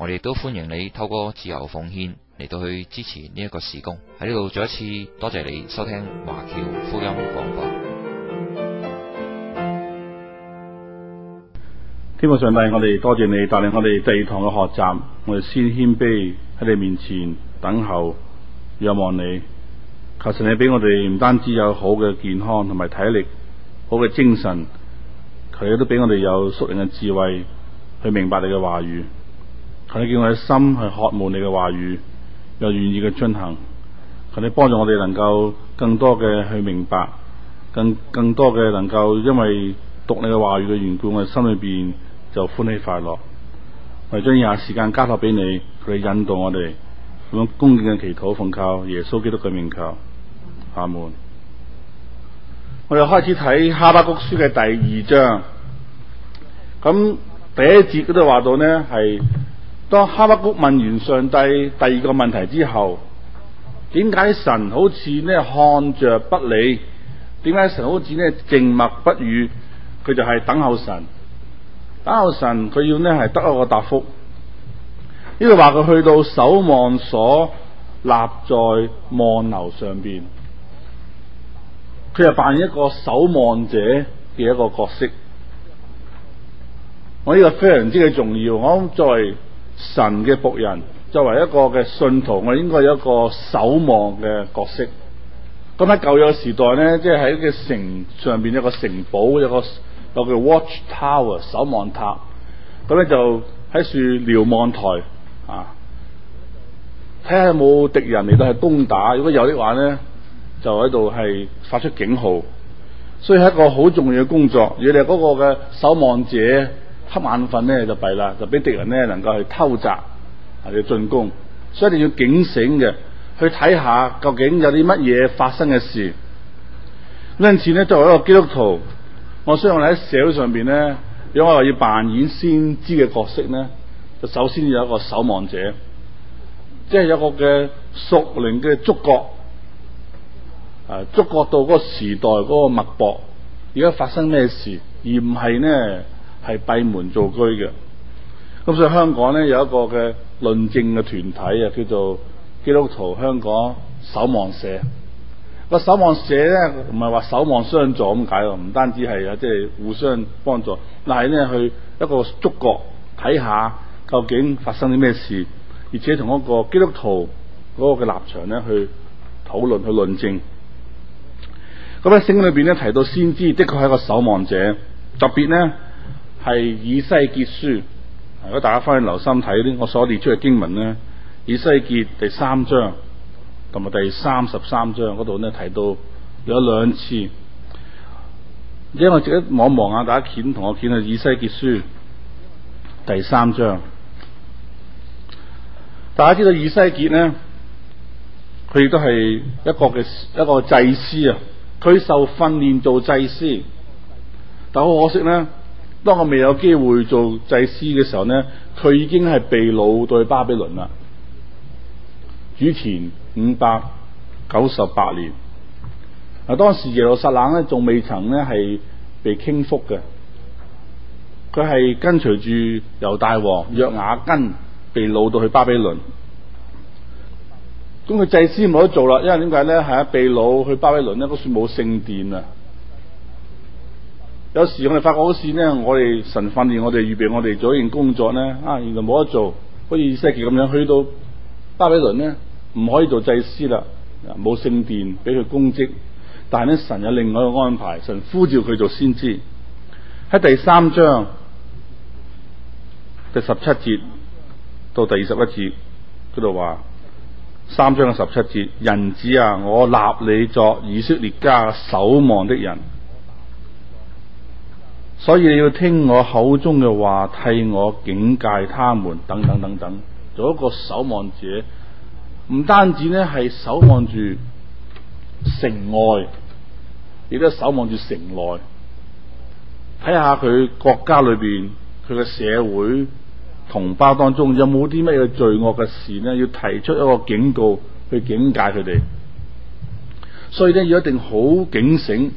我哋都歡迎你透過自由奉獻嚟到去支持呢一個事工喺呢度。再一次多謝你收聽華僑福音廣播。法天父上帝，我哋多謝你帶領我哋第二堂嘅學習。我哋先謙卑喺你面前等候仰望你。求神你俾我哋唔單止有好嘅健康同埋體力，好嘅精神。佢都俾我哋有屬靈嘅智慧去明白你嘅話語。佢哋叫我哋心去渴慕你嘅話語，又願意嘅遵行。佢哋幫助我哋能夠更多嘅去明白，更更多嘅能夠因為讀你嘅話語嘅緣故，我哋心裏邊就歡喜快樂。我哋將以下時間交託俾你，佢哋引導我哋用恭敬嘅祈禱奉靠耶穌基督嘅名求阿門。我哋開始睇哈巴谷書嘅第二章，咁第一節嗰度話到呢係。當哈巴谷問完上帝第二個問題之後，點解神好似呢，看着不理？點解神好似呢，靜默不語？佢就係等候神，等候神，佢要呢，係得到一個答覆呢句話佢去到守望所，立在望樓上邊，佢就扮演一個守望者嘅一個角色。我呢個非常之嘅重要，我諗再。神嘅僕人，作為一個嘅信徒，我哋應該有一個守望嘅角色。咁喺舊約時代咧，即係喺個城上邊有個城堡，有個有叫 watch tower 守望塔。咁咧就喺處瞭望台啊，睇下有冇敵人嚟到係攻打。如果有的話咧，就喺度係發出警號。所以係一個好重要嘅工作，你哋嗰個嘅守望者。瞌眼瞓咧就弊啦，就俾敵人咧能夠去偷襲或者進攻，所以一定要警醒嘅，去睇下究竟有啲乜嘢發生嘅事。嗰陣時咧，作為一個基督徒，我相信我哋喺社會上邊咧，如果我話要扮演先知嘅角色咧，就首先有一個守望者，即係有個嘅屬靈嘅觸角，啊，觸角到嗰個時代嗰個脈搏，而家發生咩事，而唔係呢。係閉門造居嘅，咁所以香港咧有一個嘅論政嘅團體啊，叫做基督徒香港守望社。個守望社咧唔係話守望相助咁解，唔單止係啊，即係互相幫助，但係咧去一個觸角睇下究竟發生啲咩事，而且同一個基督徒嗰個嘅立場咧去討論去論政。咁喺聖經裏邊咧提到先知的確係一個守望者，特別咧。係以西結書，如果大家翻去留心睇啲我所列出嘅經文咧，以西結第三章同埋第三十三章嗰度咧睇到有兩次，因為我自己望一望啊，大家見同我見啊，以西結書第三章，大家知道以西結咧，佢亦都係一個嘅一個祭司啊，佢受訓練做祭司，但好可惜咧。當我未有機會做祭司嘅時候咧，佢已經係被擄到去巴比倫啦，主前五百九十八年。嗱，當時耶路撒冷咧仲未曾咧係被傾覆嘅，佢係跟隨住猶大王約雅斤被擄到去巴比倫。咁佢祭司冇得做啦，因為點解咧？係被擄去巴比倫咧，都算冇聖殿啊。有時我哋發覺好似咧，我哋神訓練我哋預備我哋做一件工作咧，啊，原來冇得做，好似以西結咁樣，去到巴比倫咧，唔可以做祭司啦，冇聖殿俾佢供職，但係咧，神有另外一個安排，神呼召佢做先知。喺第三章第十七節到第二十一節嗰度話，三章嘅十七節，人子啊，我立你作以色列家守望的人。所以你要聽我口中嘅話，替我警戒他們，等等等等，做一個守望者。唔單止咧係守望住城外，亦都守望住城內，睇下佢國家裏邊佢嘅社會同胞當中有冇啲乜嘢罪惡嘅事咧，要提出一個警告去警戒佢哋。所以咧，要一定好警醒，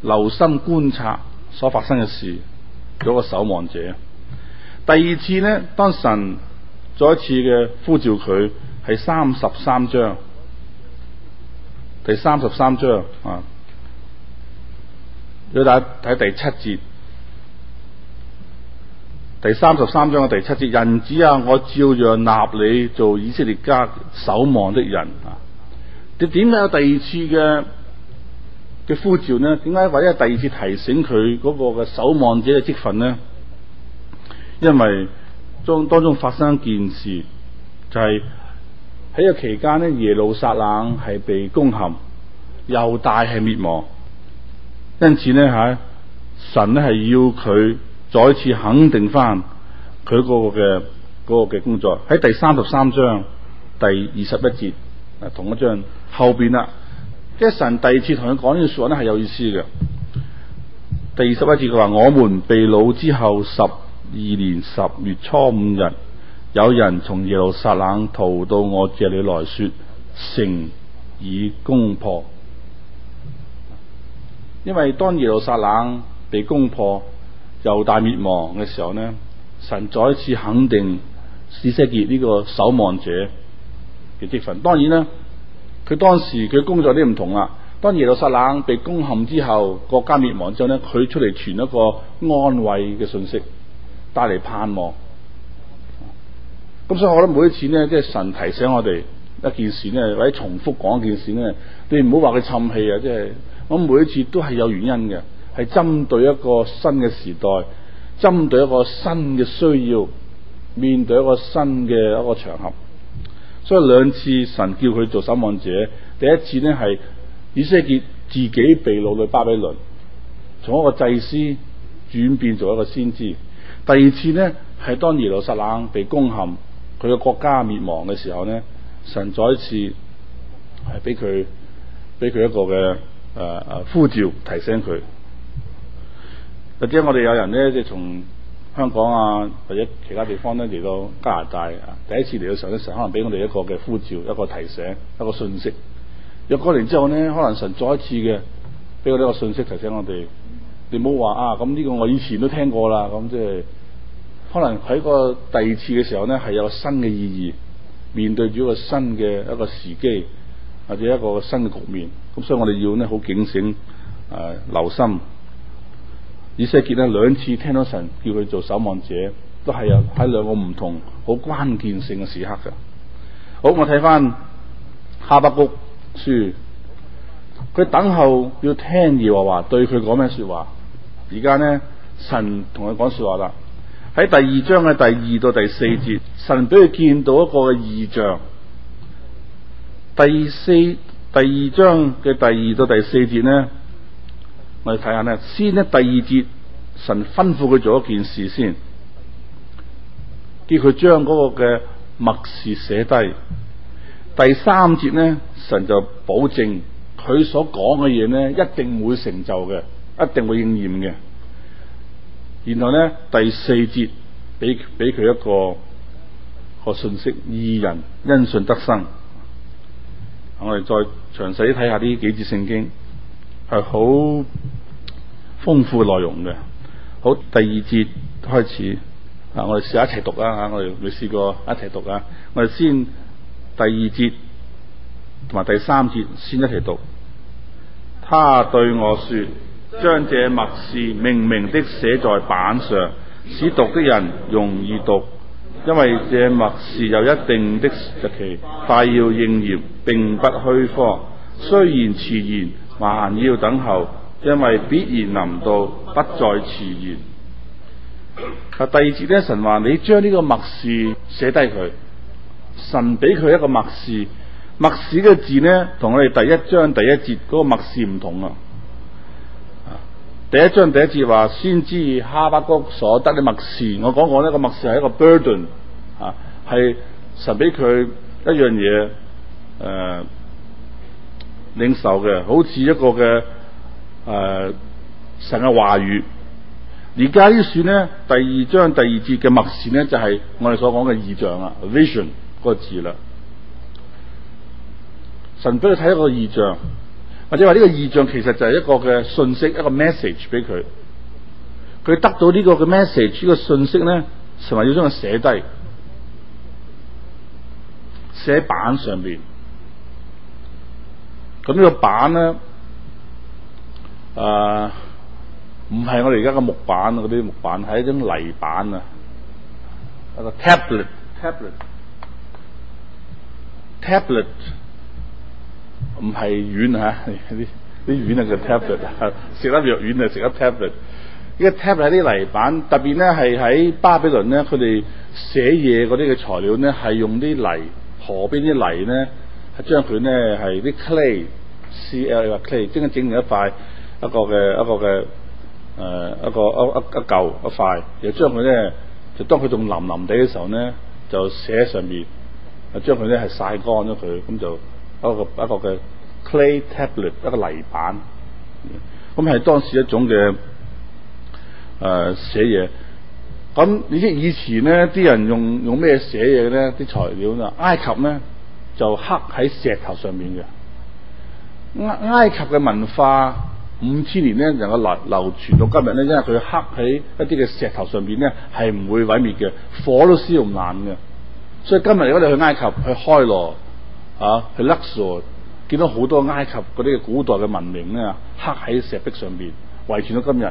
留心觀察，所發生嘅事，嗰、嗰個守望者。第二次呢，當神再一次嘅呼召佢，係三十三章，第三十三章啊。要大家睇第七節，第三十三章嘅第七節，人子啊，我照樣立你做以色列家守望的人啊。你點解有第二次嘅嘅呼召呢？點解為咗第二次提醒佢嗰個嘅守望者嘅職分呢？因為將當中發生一件事，就係、是、喺個期間呢，耶路撒冷係被攻陷，猶大係滅亡，因此呢，嚇，神呢係要佢再次肯定返佢嗰個嘅嗰嘅工作。喺第三十三章第二十一節，啊同一章後邊啦。即係神第二次同佢講呢段說話咧，係有意思嘅。第二十一節佢話： 我們被擄之後十二年十月初五日，有人從耶路撒冷逃到我這裏來說，城已攻破。因為當耶路撒冷被攻破又大滅亡嘅時候呢，神再一次肯定以西結呢個守望者嘅職分。當然啦。佢當時佢工作啲唔同啦。當耶路撒冷被攻陷之後，國家滅亡之後咧，佢出嚟傳一個安慰嘅信息，帶嚟盼望。咁所以我覺得每一次咧，即係神提醒我哋一件事咧，或者重複講一件事咧，你唔好話佢沉氣啊！即係我每一次都係有原因嘅，係針對一個新嘅時代，針對一個新嘅需要，面對一個新嘅一個場合。所以兩次神叫佢做守望者，第一次呢係以西結自己被擄去巴比倫，從一個祭司轉變做一個先知；第二次呢係當耶路撒冷被攻陷，佢嘅國家滅亡嘅時候呢，神再一次係俾佢俾佢一個嘅誒誒呼召，提醒佢。或者我哋有人呢就從。從香港啊，或者其他地方咧嚟到加拿大啊，第一次嚟嘅時候咧，神可能俾我哋一個嘅呼召，一個提醒，一個信息。若果嚟之後咧，可能神再一次嘅俾我呢個信息提醒我哋，你唔好話啊，咁呢個我以前都聽過啦。咁即係可能喺個第二次嘅時候咧，係有個新嘅意義，面對住一個新嘅一個時機或者一個新嘅局面。咁所以我哋要咧好警醒，誒、呃、留心。以西結見到兩次聽到神叫佢做守望者，都係有喺兩個唔同好關鍵性嘅時刻嘅。好，我睇翻哈巴谷書，佢等候要聽耶和華對佢講咩說話。而家咧，神同佢講說話啦。喺第二章嘅第二到第四節，神俾佢見到一個嘅異象。第四第二章嘅第二到第四節咧。我哋睇下咧，先咧第二節，神吩咐佢做一件事先，叫佢將嗰個嘅默示寫低。第三節咧，神就保證佢所講嘅嘢咧一定會成就嘅，一定會應驗嘅。然後咧第四節，俾俾佢一個一個信息：義人因信得生。我哋再詳細睇下呢幾節聖經，係好。豐富內容嘅好，第二節開始啊！我哋試下一齊讀啦吓，我哋未試過一齊讀啊！我哋、啊、先第二節同埋第三節先一齊讀。他對我說：將這默示明明的寫在板上，使讀的人容易讀，因為這默示有一定的日期，快要應驗，並不虛謊。雖然遲延，還要等候。因為必然臨到，不再遲延。啊，第二節咧，神話你將呢個默示寫低佢。神俾佢一個默示，默示嘅字呢，同我哋第一章第一節嗰個默示唔同啊。啊，第一章第一節話先知哈巴谷所得嘅默示，我講過呢個默示係一個 burden 啊，係神俾佢一樣嘢，誒領受嘅，好似一個嘅。誒、呃，神嘅話語，而家呢算咧第二章第二節嘅默示咧就係、是、我哋所講嘅異象啊，vision 嗰個字啦。神俾你睇一個異象，或者話呢個異象其實就係一個嘅訊息，一個 message 俾佢。佢得到呢個嘅 message 呢個訊息咧，神話要將佢寫低，寫喺板上邊。咁呢個板咧。啊，唔係、uh, 我哋而家嘅木板嗰啲木板，係一種泥板啊。一個 tablet，tablet，tablet，唔係丸吓，啲啲丸係個 tablet 啊，食粒藥丸係食粒 tablet。呢個 tablet 係啲泥板，特別咧係，喺巴比倫咧，佢哋寫嘢啲嘅材料咧係用啲泥，河邊啲泥咧係將佢咧係啲 clay，cl a y 將係 CL,、啊、整成一塊。一個嘅一個嘅誒、呃、一個一個一個一嚿，一,一,一塊，又將佢咧就當佢仲腍腍地嘅時候咧，就寫上面，將佢咧係曬乾咗佢，咁就一個一個嘅 clay tablet，一個泥板，咁、嗯、係、嗯嗯、當時一種嘅誒寫嘢。咁、呃、你知以前咧啲人用用咩寫嘢咧？啲材料就埃及咧就刻喺石頭上面嘅。埃埃及嘅文化。五千年咧能夠流流傳到今日咧，因為佢刻喺一啲嘅石頭上邊咧係唔會毀滅嘅，火都燒唔爛嘅。所以今日如果你去埃及去開羅啊，去 Luxor，見到好多埃及嗰啲古代嘅文明咧刻喺石壁上邊，遺傳到今日。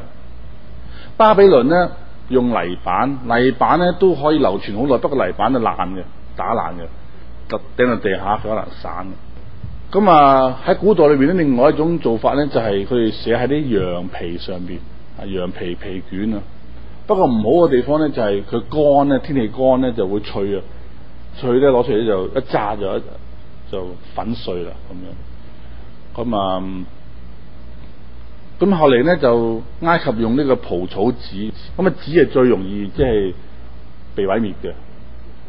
巴比倫咧用泥板，泥板咧都可以流傳好耐，不過泥板就爛嘅，打爛嘅，就掟到地下可能散。咁啊，喺、嗯、古代裏邊咧，另外一種做法咧，就係佢哋寫喺啲羊皮上邊，啊羊皮皮卷啊。不過唔好嘅地方咧，就係佢乾咧，天氣乾咧就會脆啊，脆咧攞出嚟就一炸咗，就粉碎啦咁樣。咁、嗯、啊，咁、嗯嗯、後嚟咧就埃及用呢個蒲草紙，咁啊紙係最容易即係、就是、被毀滅嘅。咁、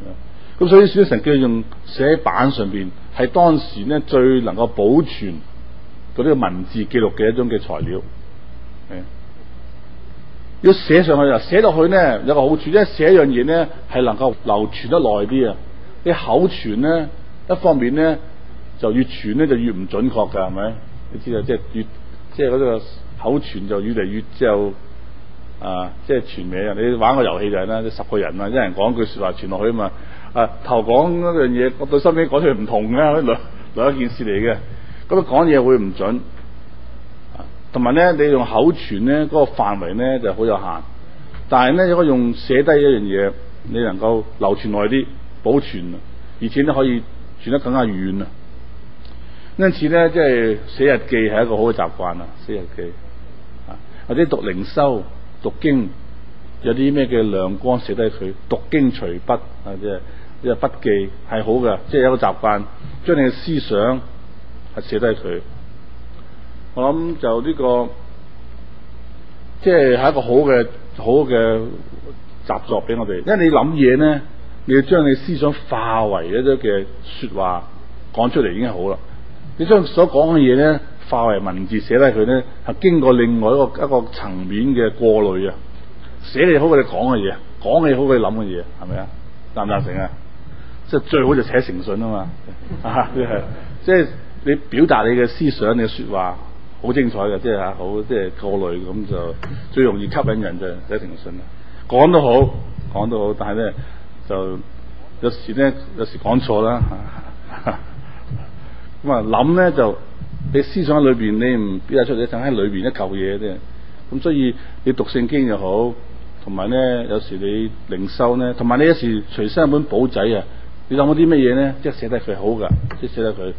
嗯嗯、所以先成叫用寫喺板上邊。係當時咧最能夠保存嗰啲文字記錄嘅一種嘅材料。誒，要寫上去啊，寫落去咧有個好處，因為寫樣嘢咧係能夠流傳得耐啲啊。你口傳咧，一方面咧就越傳咧就越唔準確㗎，係咪？你知道即係越即係嗰啲個口傳就越嚟越之後啊，即係傳名啊！你玩個遊戲就係、是、啦，十個人啊，一人講句説話傳落去啊嘛。啊，頭講一樣嘢，我對身邊講出唔同嘅，兩兩件事嚟嘅。咁講嘢會唔準，同埋咧，你用口傳咧，嗰個範圍咧就好有限。但係咧，如果用寫低一樣嘢，你能夠流傳耐啲，保存，而且咧可以傳得更加遠啊。因此咧，即係寫日記係一個好嘅習慣啊。寫日記，啊或者讀靈修、讀經，有啲咩嘅亮光寫低佢，讀經隨筆啊，即係。嘅筆記係好嘅，即係有個習慣，將你嘅思想係寫低佢。我諗就呢個，即係係一個好嘅好嘅習作俾我哋。因為你諗嘢咧，你要將你思想化為一啲嘅説話講出嚟已經好啦。你將所講嘅嘢咧化為文字寫低佢咧，係經過另外一個一個層面嘅過濾啊。寫你好過你講嘅嘢，講你好過你諗嘅嘢，係咪啊？贊唔贊成啊？即係最好就寫誠信啊嘛！啊，即係你表達你嘅思想，你嘅説話好精彩嘅，即係嚇好，即係過濾咁就最容易吸引人就寫誠信啊！講都好，講都好，但係咧就有時咧有時講錯啦。咁啊，諗咧就你思想喺裏邊，你唔表達出嚟，就喺裏邊一嚿嘢啫。咁所以你讀聖經又好，同埋咧有時你靈修咧，同埋你有時隨身一本簿仔啊！你諗嗰啲咩嘢咧？即係寫得佢好噶，即係寫得佢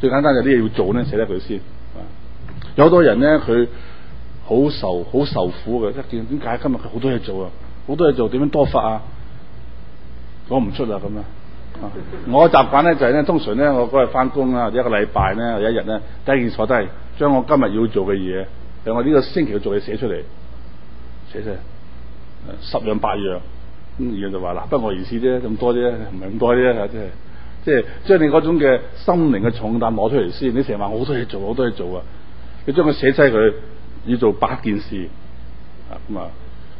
最簡單就啲嘢要做咧，寫得佢先。有好多人咧，佢好受好受苦嘅，即見點解今日佢好多嘢做啊？好多嘢做點樣多發啊？講唔出啦咁樣。 我嘅習慣咧就係、是、咧，通常咧我嗰日翻工啊，一個禮拜咧有一日咧第,第一件事我都係將我今日要做嘅嘢，我呢個星期要做嘅嘢寫出嚟，寫寫十樣八樣。咁而家就話嗱，不外意思啫，咁多啫，唔係咁多啲啊，即係即係將你嗰種嘅心靈嘅重擔攞出嚟先，你成日話好多嘢做，好多嘢做啊，你將佢寫低佢，要做八件事啊，咁、嗯、啊，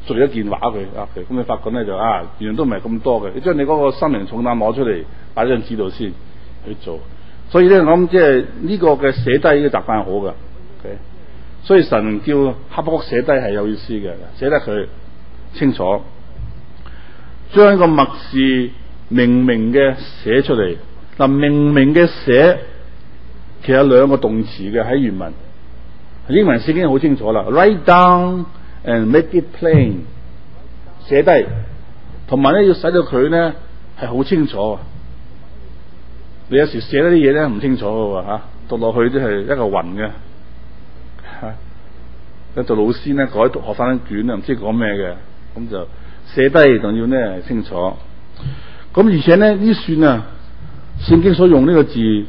逐一件畫佢啊，咁你發覺咧就啊，原來都唔係咁多嘅，你將你嗰個心靈重擔攞出嚟，擺喺張紙度先去做，所以咧我諗即係呢、這個嘅寫低嘅習慣係好嘅、okay？所以神叫哈巴谷寫低係有意思嘅，寫得佢清楚。將個默示明明嘅寫出嚟嗱，明明嘅寫其實兩個動詞嘅喺原文，英文已經好清楚啦，write down and make it plain，寫低，同埋咧要使到佢咧係好清楚。你有時寫得啲嘢咧唔清楚嘅吓、啊，讀落去都係一個暈嘅係，一、啊、做老師咧改讀學生卷啊，唔知講咩嘅咁就。寫低，仲要咧清楚。咁而且呢，呢算啊，聖經所用呢個字，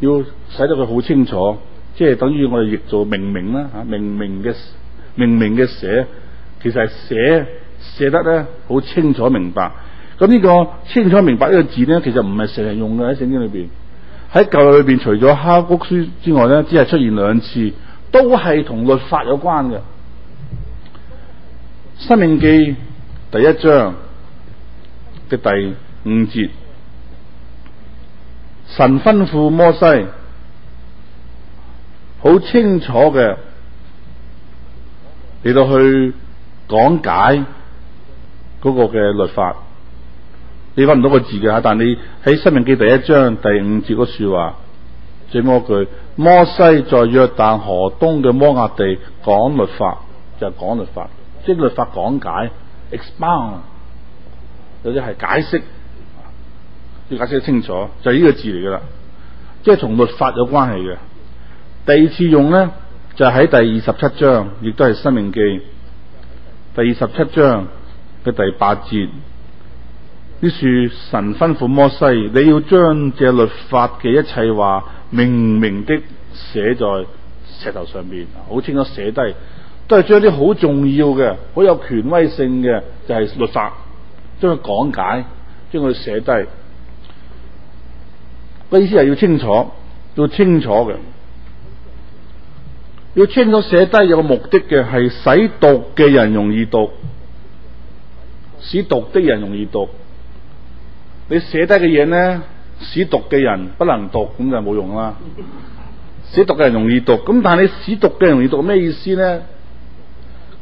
要寫得佢好清楚，即係等於我哋譯做明明啦吓，明明嘅明明嘅寫，其實係寫寫得咧好清楚明白。咁呢、呢個清楚明白呢個字咧，其實唔係成日用嘅喺聖經裏邊，喺舊約裏邊除咗哈巴谷書之外咧，只係出現兩次，都係同律法有關嘅。申命記。第一章嘅第五節，神吩咐摩西，好清楚嘅嚟到去講解個嘅律法。你揾唔到個字嘅吓，但你喺《申命記》第一章第五節嗰說話最尾句，摩西在約旦河東嘅摩押地講律法，就係、是、講律法，即係律法講解。expand 有啲係解釋，要解釋得清楚，就係、是、呢個字嚟噶啦，即係同律法有關係嘅。第二次用咧就喺、是、第二十七章，亦都係《申命記》第二十七章嘅第八節。呢處神吩咐摩西，你要將這律法嘅一切話，明明的寫在石頭上邊，好清楚寫低。都係將啲好重要嘅、好有權威性嘅，就係律法，將佢講解，將佢寫低。個意思係要清楚，要清楚嘅，要清楚寫低有個目的嘅，係使讀嘅人容易讀，使讀的人容易讀。你寫低嘅嘢咧，使讀嘅人不能讀，咁就冇用啦。使讀嘅人容易讀，咁但係你使讀嘅人容易讀咩意思咧？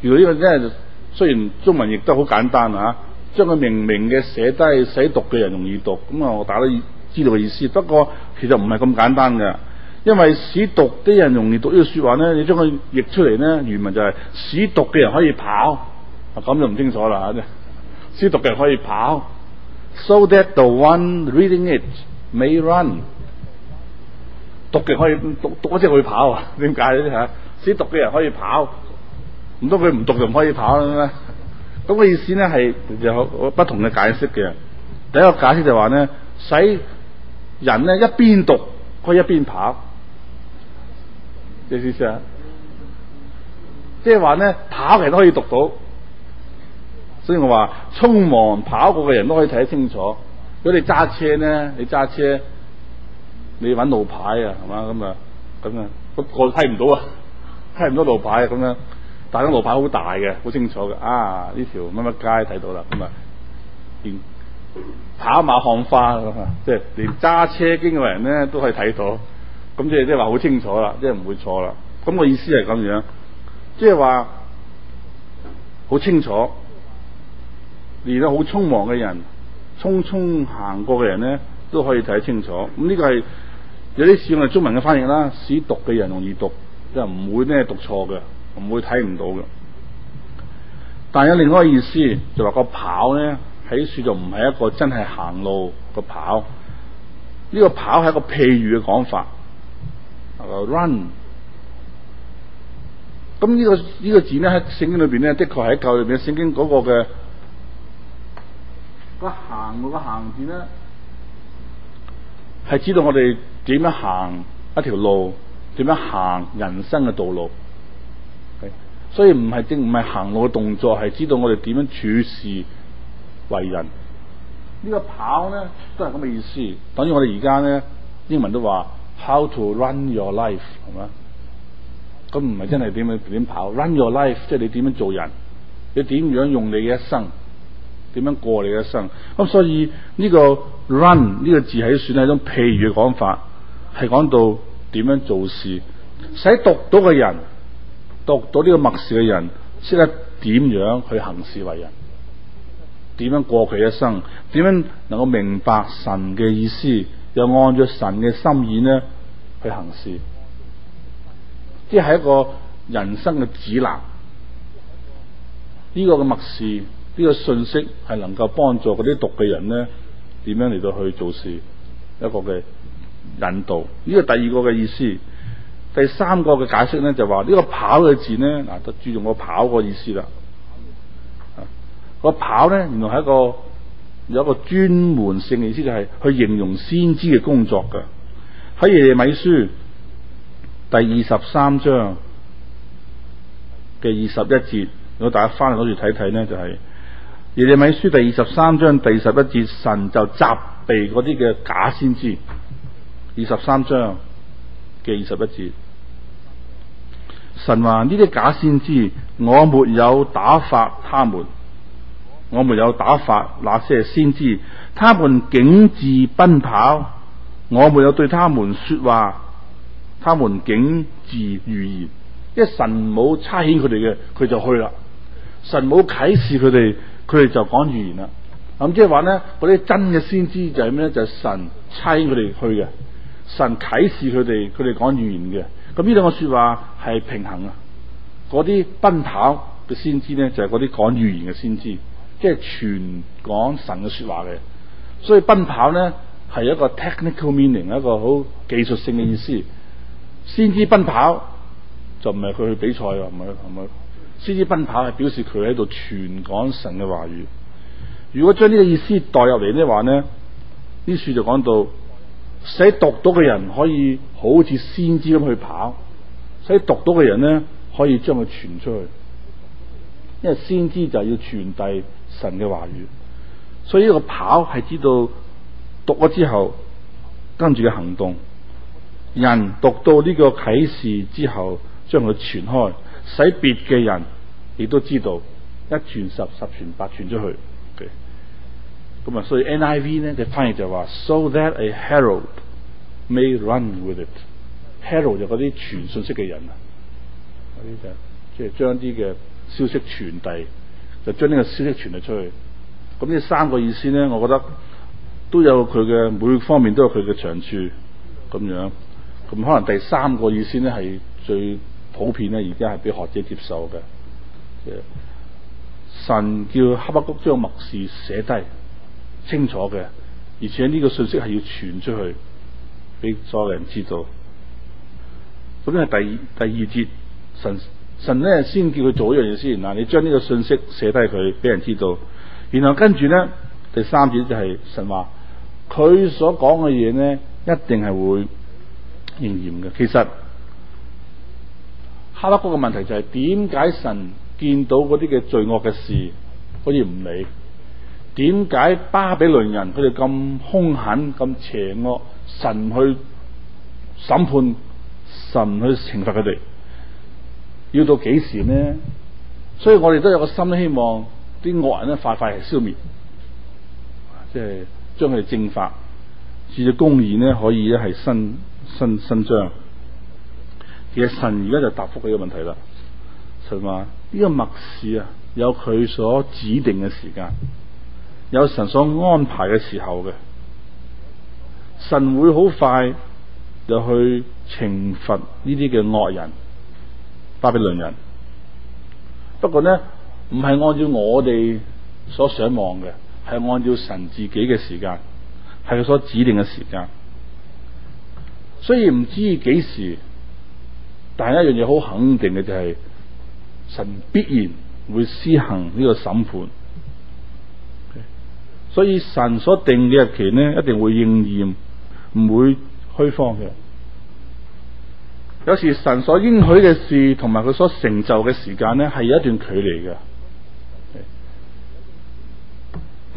如果、這、呢個真係雖然中文譯得好簡單啊，將佢明明嘅寫低，使讀嘅人容易讀。咁啊，我打得知到知道意思。不過其實唔係咁簡單嘅，因為使讀啲人容易讀呢句説話咧，你將佢譯出嚟咧，原文就係使讀嘅人可以跑，咁、啊、就唔清楚啦、啊。使讀嘅可以跑，so that the one reading it may run。讀嘅可以讀讀咗先去跑，點解咧？嚇、啊，使讀嘅人可以跑。唔到佢唔讀就唔可以跑啦，咁嘅意思咧，係有不同嘅解釋嘅。第一個解釋就話咧，使人咧一邊讀，佢一邊跑。你試試啊！即係話咧，跑嘅人都可以讀到，所以我話匆忙跑過嘅人都可以睇得清楚。如果你揸車咧，你揸車，你搵路牌啊，係嘛，咁啊，咁啊，個睇唔到啊，睇唔到路牌啊，咁樣。大個路牌好大嘅，好清楚嘅啊！呢條乜乜街睇到啦，咁、嗯、啊，跑馬看花咁啊、嗯，即係連揸車經過嘅人咧都可以睇到，咁即係即係話好清楚啦，即係唔會錯啦。咁、嗯、個意思係咁樣，即係話好清楚，而家好匆忙嘅人，匆匆行過嘅人咧都可以睇清楚。咁、嗯、呢、這個係有啲使用係中文嘅翻譯啦，使讀嘅人容易讀，即係唔會咩讀錯嘅。唔會睇唔到嘅，但有另外一個意思，就話個跑咧喺度就唔係一個真係行路個跑，這個跑，呢個跑係一個譬喻嘅講法、就是，run。咁呢個呢個字咧喺聖經裏邊咧，的確係喺教裏邊聖經個嘅個行路個行字咧，係知道我哋點樣行一條路，點樣行人生嘅道路。所以唔係正唔係行路嘅動作，係知道我哋點樣處事為人。呢個跑咧都係咁嘅意思。等於我哋而家咧英文都話，how to run your life 係嘛？咁唔係真係點樣點跑？run your life 即係你點樣做人？你點樣用你嘅一生？點樣過你嘅一生？咁所以呢個 run 呢個字係算係一種譬如嘅講法，係講到點樣做事，使讀到嘅人。讀到呢個默示嘅人，識得點樣去行事為人，點樣過佢一生，點樣能夠明白神嘅意思，又按照神嘅心意咧去行事，即係一個人生嘅指南。呢個嘅默示，呢個信息係能夠幫助嗰啲讀嘅人咧，點樣嚟到去做事，一個嘅引導。呢個第二個嘅意思。第三個嘅解釋咧就話呢、這個跑嘅字咧，嗱就注重個跑個意思啦。個跑咧、啊，原來係一個有一,一個專門性嘅意思，就係、是、去形容先知嘅工作嘅。喺耶利米書第二十三章嘅二十一節，如果大家翻嚟攞住睇睇咧，就係、是、耶利米書第二十三章第十一節，神就責備嗰啲嘅假先知。二十三章，嘅二十一節，神話呢啲假先知，我沒有打發他們，我沒有打發那些先知，他們竟自奔跑，我沒有對他們說話，他們竟自預言。因為神冇差遣佢哋嘅，佢就去啦，神冇啟示佢哋，佢哋就講預言啦。咁即係話咧，嗰啲真嘅先知就係咩咧？就係、是、神差遣佢哋去嘅。神啟示佢哋，佢哋講預言嘅。咁呢兩個說話係平衡啊。嗰啲奔跑嘅先知咧，就係嗰啲講預言嘅先知，即係全講神嘅說話嘅。所以奔跑咧係一個 technical meaning，一個好技術性嘅意思。先知奔跑就唔係佢去比賽啊，唔係唔係。先知奔跑係表示佢喺度全講神嘅話語。如果將呢個意思代入嚟嘅話咧，呢處就講到。使讀到嘅人可以好似先知咁去跑，使讀到嘅人咧可以將佢傳出去，因為先知就要傳遞神嘅話語，所以呢個跑係知道讀咗之後跟住嘅行動。人讀到呢個啟示之後，將佢傳開，使別嘅人亦都知道，一傳十，十傳百，傳出去。咁啊，所以 N.I.V 咧，就翻譯就係話 s o、so, so、that a herald may run with it。herald 就啲傳信息嘅人啊，啲就即係將啲嘅消息傳遞，就將呢個消息傳遞出去。咁呢三個意思咧，我覺得都有佢嘅每方面都有佢嘅長處咁樣，咁可能第三個意思咧係最普遍咧，而家係畀學者接受嘅，即係。神叫哈巴谷將默示寫低。清楚嘅，而且呢個信息，係要傳出去俾所有人知道。咁係第第二節，神神咧先叫佢做一樣嘢先嗱，你將呢個信息寫低佢俾人知道。然後跟住咧，第三節就係神話，佢所講嘅嘢咧一定係會應驗嘅。其實哈巴谷嘅問題就係點解神見到啲嘅罪惡嘅事可以唔理？點解巴比倫人佢哋咁兇狠，咁邪惡？神去審判，神去懲罰佢哋，要到幾時呢？所以我哋都有個心，希望啲惡人咧快快係消滅，即係將佢哋正法，至到公義咧可以咧係伸伸伸張。其實神而家就答復佢個問題啦。神話呢、這個默示啊，有佢所指定嘅時間。有神所安排嘅時候嘅，神會好快就去懲罰呢啲嘅惡人巴比倫人。不過咧，唔係按照我哋所想望嘅，係按照神自己嘅時間，係佢所指定嘅時間。雖然唔知幾時，但係一樣嘢好肯定嘅就係，神必然會施行呢個審判。所以神所定嘅日期呢，一定會應驗，唔會虛謊嘅。有時神所應許嘅事，同埋佢所成就嘅時間呢，係有一段距離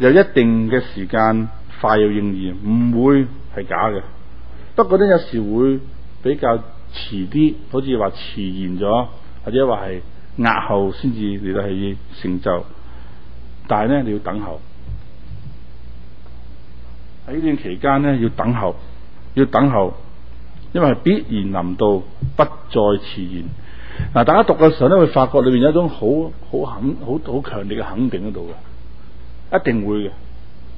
嘅，有一定嘅時間快要應驗，唔會係假嘅。不過呢，有時會比較遲啲，好似話遲延咗，或者話係押後先至嚟到係成就。但係呢，你要等候。喺呢段期間咧，要等候，要等候，因為必然臨到，不再遲延。嗱，大家讀嘅時候咧，會發覺裏邊有一種好好肯、好好強烈嘅肯定喺度嘅，一定會嘅，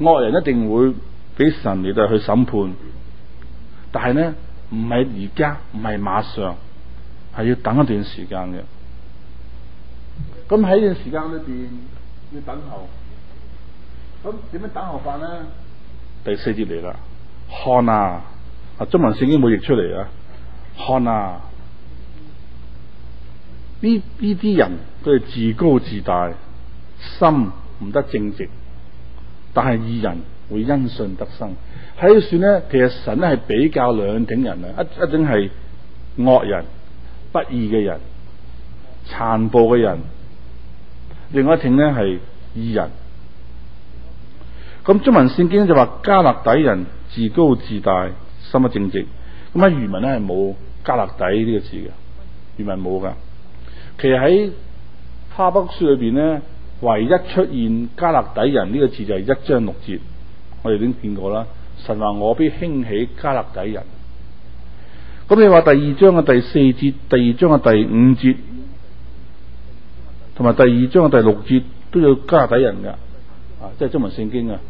惡人一定會俾神嚟到去審判，但係咧唔係而家，唔係馬上，係要等一段時間嘅。咁喺呢段時間裏邊要等候，咁點樣等候法咧？第四節嚟啦，看哪，中文聖經冇譯出嚟啊，看哪，呢呢啲人佢係自高自大，心唔得正直，但係義人會因信得生。喺呢算咧，其實神咧係比較兩種人啊，一一種係惡人不義嘅人，殘暴嘅人，另外一種咧係義人。咁中文聖經就話加勒底人自高自大、心不正直。咁啊，原文咧係冇加勒底呢個字嘅，原文冇㗎。其實喺哈巴谷書裏邊咧，唯一出現加勒底人呢個字就係一章六節，我哋已經見過啦。神話我必興起加勒底人。咁你話第二章嘅第四節、第二章嘅第五節、同埋第二章嘅第六節都有加勒底人㗎，啊，即係中文聖經啊！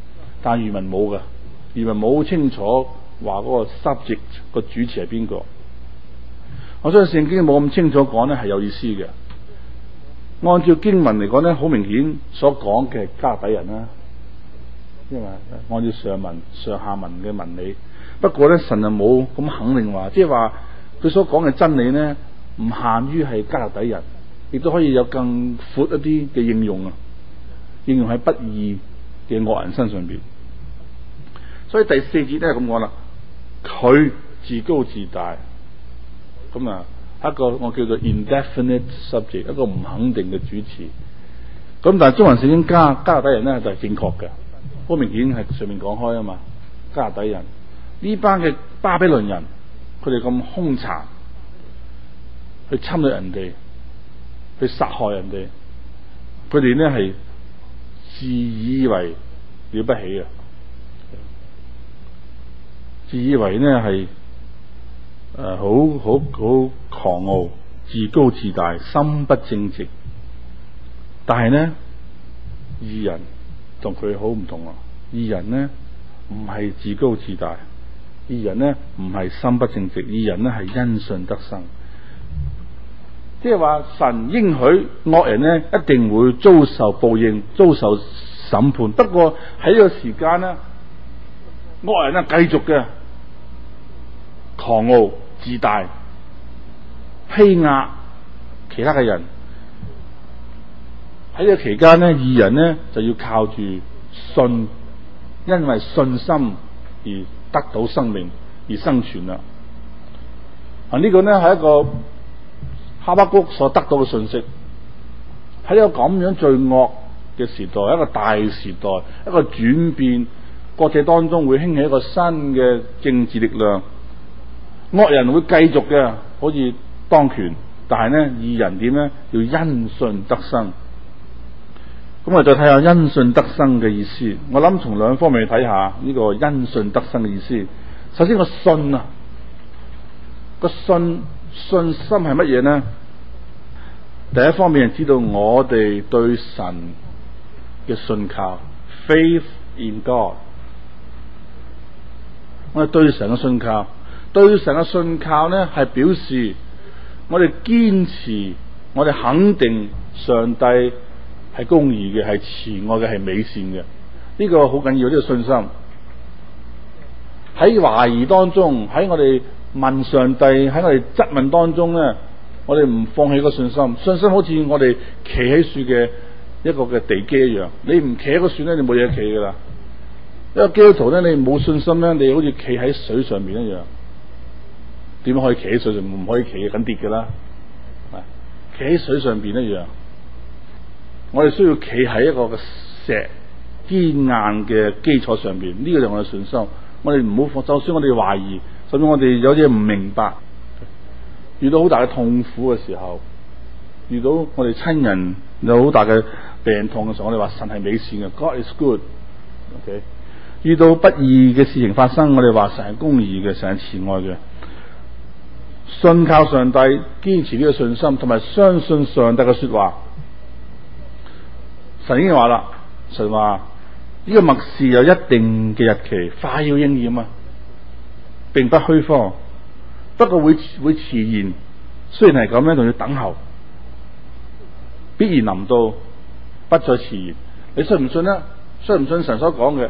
但漁民冇㗎，漁民冇好清楚話嗰個 subject 個主持係邊個。嗯、我相信聖經冇咁清楚講咧，係有意思嘅。按照經文嚟講咧，好明顯所講嘅加勒底人啦，因為按照上文上下文嘅文理。不過咧，神就冇咁肯定話，即係話佢所講嘅真理咧，唔限於係加勒底人，亦都可以有更闊一啲嘅應用啊，應用喺不義嘅惡人身上邊。所以第四節都係咁講啦，佢自高自大，咁啊一個我叫做 indefinite subject，一個唔肯定嘅主詞，咁但係中文聖經加迦勒底人咧就係、是、正確嘅，好明顯係上面講開啊嘛。迦勒底人呢班嘅巴比倫人，佢哋咁凶殘去侵略人哋，去殺害人哋，佢哋咧係自以為了不起啊。自以為呢係誒好好好狂傲、自高自大、心不正直，但係呢義人同佢好唔同啊！義人呢唔係自高自大，義人呢唔係心不正直，義人呢係因信得生。即係話神應許惡人呢，一定會遭受報應、遭受審判。不過喺呢個時間呢，惡人啊繼續嘅。狂傲、自大、欺壓其他嘅人喺呢個期間呢二人呢就要靠住信，因為信心而得到生命而生存啦。啊，這個、呢個呢係一個哈巴谷所得到嘅信息喺一個咁樣罪惡嘅時代，一個大時代，一個轉變國際當中會興起一個新嘅政治力量。惡人會繼續嘅，可以當權，但係咧，義人點咧？要因信得生。咁我哋再睇下因信得生嘅意思。我諗從兩方面去睇下呢個因信得生嘅意思。首先個信啊，個信信心係乜嘢咧？第一方面係知道我哋對神嘅信靠 （faith in God），我哋對神嘅信靠。對神嘅信靠咧，係表示我哋堅持，我哋肯定上帝係公義嘅，係慈愛嘅，係美善嘅。呢個好緊要，呢個信心喺懷疑當中，喺我哋問上帝，喺我哋質問當中咧，我哋唔放棄個信心。信心好似我哋企喺樹嘅一個嘅地基一樣，你唔企喺個樹咧，你冇嘢企噶啦。一個基督徒咧，你冇信心咧，你好似企喺水上面一樣。點樣可以企喺水上？唔可以企梗，跌噶啦。企喺水上邊一樣，我哋需要企喺一個嘅石堅硬嘅基礎上邊。呢、這個就係我嘅信心。我哋唔好，就算我哋懷疑，甚至我哋有啲嘢唔明白，遇到好大嘅痛苦嘅時候，遇到我哋親人有好大嘅病痛嘅時候，我哋話神係美善嘅，God is good，okay？遇到不義嘅事情發生，我哋話神係公義嘅，神係慈愛嘅。信靠上帝，堅持呢個信心，同埋相信上帝嘅說話。神已經話啦，神話呢個默示有一定嘅日期，快要應驗啊，並不虛謊，不過會會遲延。雖然係咁樣，仲要等候，必然臨到，不再遲延。你信唔信呢？信唔信神所講嘅？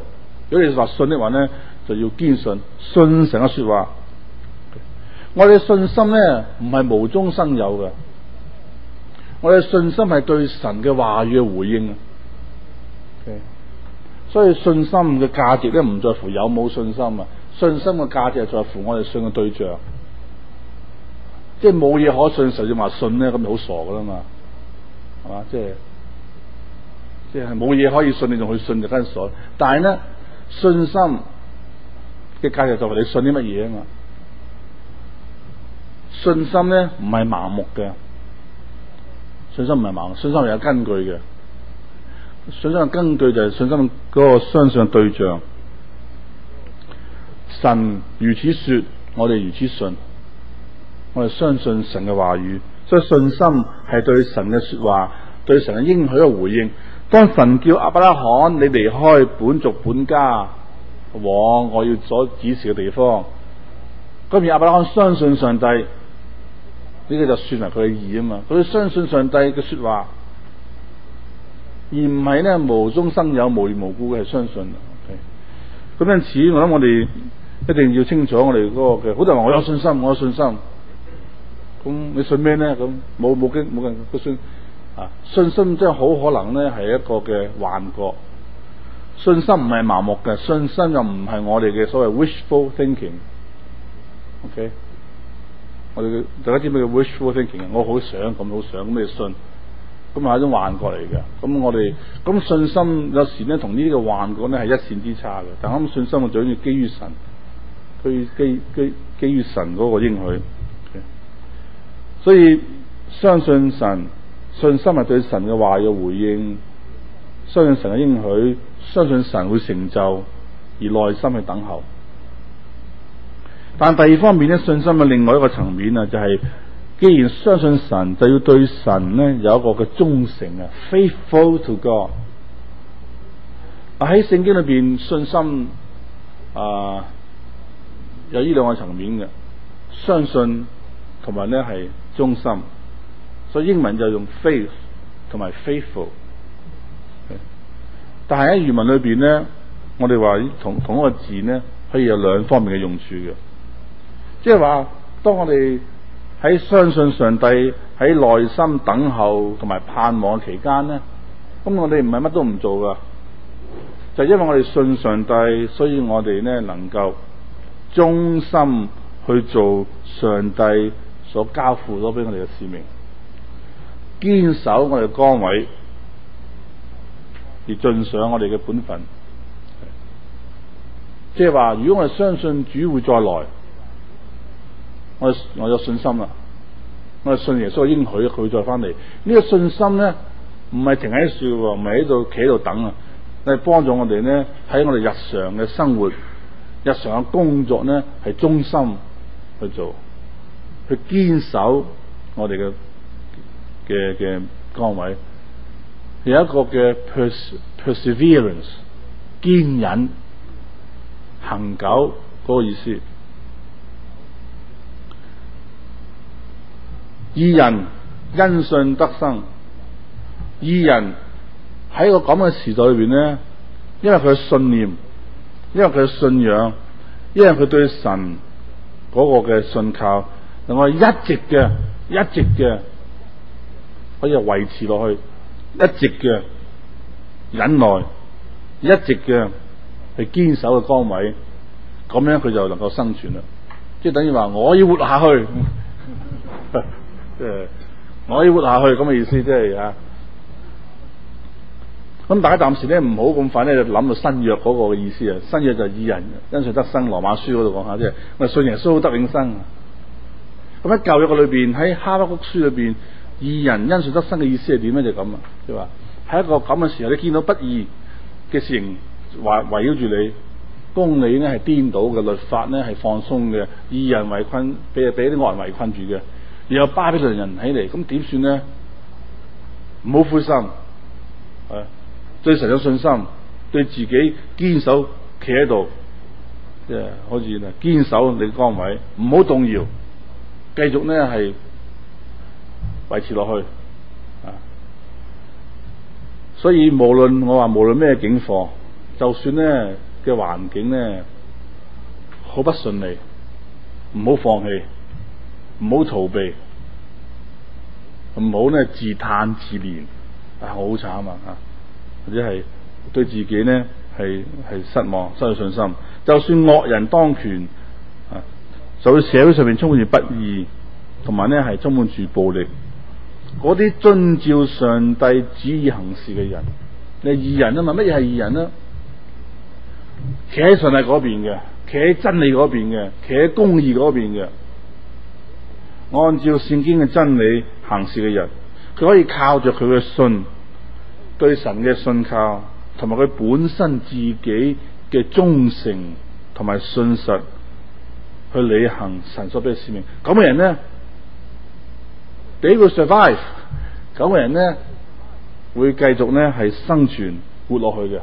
如果你話信的話呢，就要堅信，信神嘅說話。我哋信心咧，唔係無中生有嘅，我哋信心係對神嘅話語嘅回應啊。Okay. 所以信心嘅價值咧，唔在乎有冇信心啊，信心嘅價值係在乎我哋信嘅對象。Okay. 即係冇嘢可信嘅時候，你話信咧，咁咪好傻噶啦嘛，係嘛？即係即係冇嘢可以信，你仲去信就梗傻。但係咧，信心嘅價值就係你信啲乜嘢啊嘛。信心咧，唔係盲目嘅，信心唔係盲目，信心係有根據嘅。信心嘅根據就係信心嗰個相信嘅對象。神如此說，我哋如此信，我哋相信神嘅話語。所以信心係對神嘅說話、對神嘅應許嘅回應。當神叫亞伯拉罕你離開本族本家，往我要所指示嘅地方，咁而亞伯拉罕相信上帝。呢個就算係佢嘅義啊嘛。佢相信上帝嘅說話，而唔係咧無中生有、無緣無故嘅係相信。咁因此，我諗我哋一定要清楚我哋嗰、那個嘅，好多人話我有信心，我有信心。咁你信咩咧？咁冇冇經冇根，啊！信心即係好可能咧，係一個嘅幻覺。信心唔係盲目嘅，信心又唔係我哋嘅所謂 wishful thinking。OK。我哋大家知咩叫 wishful thinking 啊？我好想，咁好想，咩信，咁係一種幻覺嚟嘅。咁我哋咁信心有時咧，同呢個幻覺咧係一綫之差嘅。但係我信心嘅主要基於神，佢基基基於神個應許。所以相信神，信心係對神嘅話嘅回應，相信神嘅應許，相信神會成就，而耐心去等候。但第二方面咧，信心嘅另外一個層面啊，就係、是，既然相信神，就要對神咧有一個嘅忠誠啊，faithful to God。啊，喺聖經裏邊，信心啊有呢兩個層面嘅，相信同埋咧係忠心，所以英文就用 faith 同埋 faithful。但係喺原文裏邊咧，我哋話同同一個字咧，可以有兩方面嘅用處嘅。即係話，當我哋喺相信上帝喺內心等候同埋盼望期間咧，咁我哋唔係乜都唔做噶，就是、因為我哋信上帝，所以我哋咧能夠忠心去做上帝所交付咗俾我哋嘅使命，堅守我哋崗位而盡上我哋嘅本分。即係話，如果我哋相信主會再來。我有信心啦，我信耶穌應許佢再翻嚟。呢個信心咧，唔係停喺樹，唔係喺度企喺度等啊！係幫助我哋咧，喺我哋日常嘅生活、日常嘅工作咧，係忠心去做，去堅守我哋嘅嘅嘅崗位，有一個嘅 perseverance 堅忍、恒久嗰個意思。義人因信得生，義人喺個咁嘅時代裏邊咧，因為佢嘅信念，因為佢嘅信仰，因為佢對神嗰個嘅信靠，能夠一直嘅、一直嘅可以維持落去，一直嘅忍耐，一直嘅係堅守嘅崗位，咁樣佢就能夠生存啦。即係等於話，我要活下去。 即係我要活下去咁嘅、這個、意思、就是，即係啊！咁大家暫時咧唔好咁快咧就諗到新約嗰個嘅意思啊！新約就係義人因信得生，羅馬書嗰度講下，即係我信耶穌好得永生。咁喺舊約嘅裏邊，喺哈巴谷書裏邊，義人因信得生嘅意思係點咧？就咁、是、啊！即係話喺一個咁嘅時候，你見到不義嘅事情圍圍繞住你，公理呢係顛倒嘅，律法呢係放鬆嘅，義人圍困，俾俾啲惡人圍困住嘅。有巴比倫人起嚟，咁點算咧？唔好灰心，誒，對神有信心，對自己堅守，企喺度，即係好似咧，堅守你嘅崗位，唔好動搖，繼續咧係維持落去。所以無論我話無論咩境況，就算咧嘅環境咧好不順利，唔好放棄。唔好逃避，唔好咧自嘆自憐，啊好慘啊！或者係對自己咧係係失望、失去信心。就算惡人當權，啊，喺社會上面充滿住不義，同埋咧係充滿住暴力。嗰啲遵照上帝旨意行事嘅人，你義人啊嘛！乜嘢係義人啊？企喺、啊、上帝嗰邊嘅，企喺真理嗰邊嘅，企喺公義嗰邊嘅。按照聖經嘅真理行事嘅人，佢可以靠著佢嘅信，對神嘅信靠，同埋佢本身自己嘅忠誠同埋信實，去履行神所俾嘅使命。咁嘅人呢，俾佢 survive，咁嘅人呢會繼續呢係生存活落去嘅，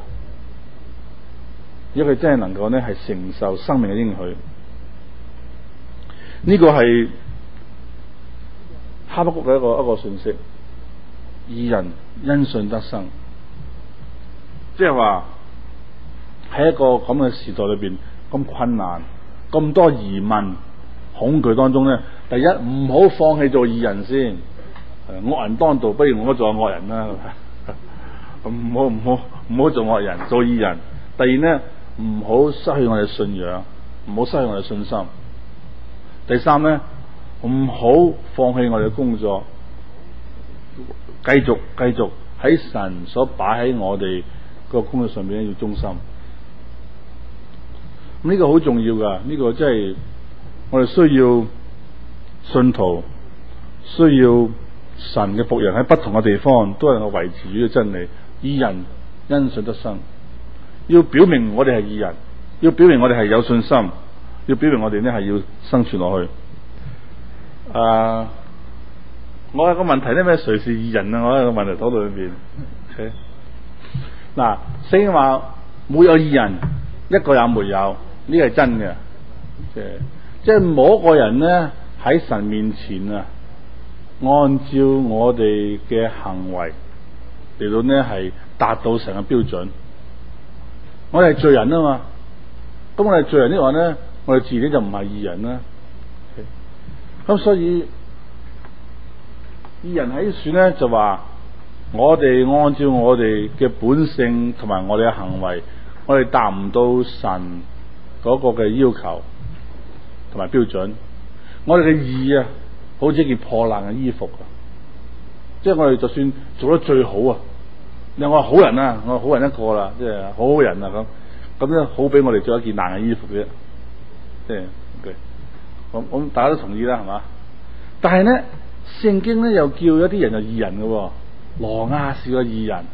因為佢真係能夠呢係承受生命嘅應許。呢、這個係。哈巴谷嘅一個一個信息，義人因信得生，即係話，喺一個咁嘅時代裏邊咁困難，咁多疑問、恐懼當中咧，第一唔好放棄做義人先，惡人當道，不如我做惡人啦，唔好唔好唔好做惡人，做義人。第二咧，唔好失去我哋信仰，唔好失去我哋信心。第三咧。唔好放棄我哋嘅工作，繼續繼續喺神所擺喺我哋個工作上邊要忠心。呢、這個好重要噶，呢、這個真係我哋需要信徒需要神嘅僕人喺不同嘅地方都能夠維持住嘅真理。義人因信得生，要表明我哋係義人，要表明我哋係有信心，要表明我哋呢係要生存落去。誒、uh，我有個問題咧，咩，誰是義人啊？我有個問題喺度裏邊。嗱，聖經話沒有義人，一個也沒有，呢個係真嘅。Okay. Okay. 即係即係冇一個人咧喺神面前啊，按照我哋嘅行為嚟到咧係達到神嘅標準。我哋係罪人啊嘛，咁我哋罪人的話咧，我哋自己就唔係義人啦。咁所以，二人喺算咧就話，我哋按照我哋嘅本性同埋我哋嘅行為，我哋達唔到神嗰個嘅要求同埋標準。我哋嘅義啊，好似一件破爛嘅衣服，即係我哋就算做得最好啊，你話我係好人啊，我係好人一個啦，即係好好人啊咁，咁樣好俾我哋做一件爛嘅衣服啫，即係。咁咁，嗯、大家都同意啦，係嘛？但係咧，聖經咧又叫一啲人就義人嘅，哦，羅亞士個義人，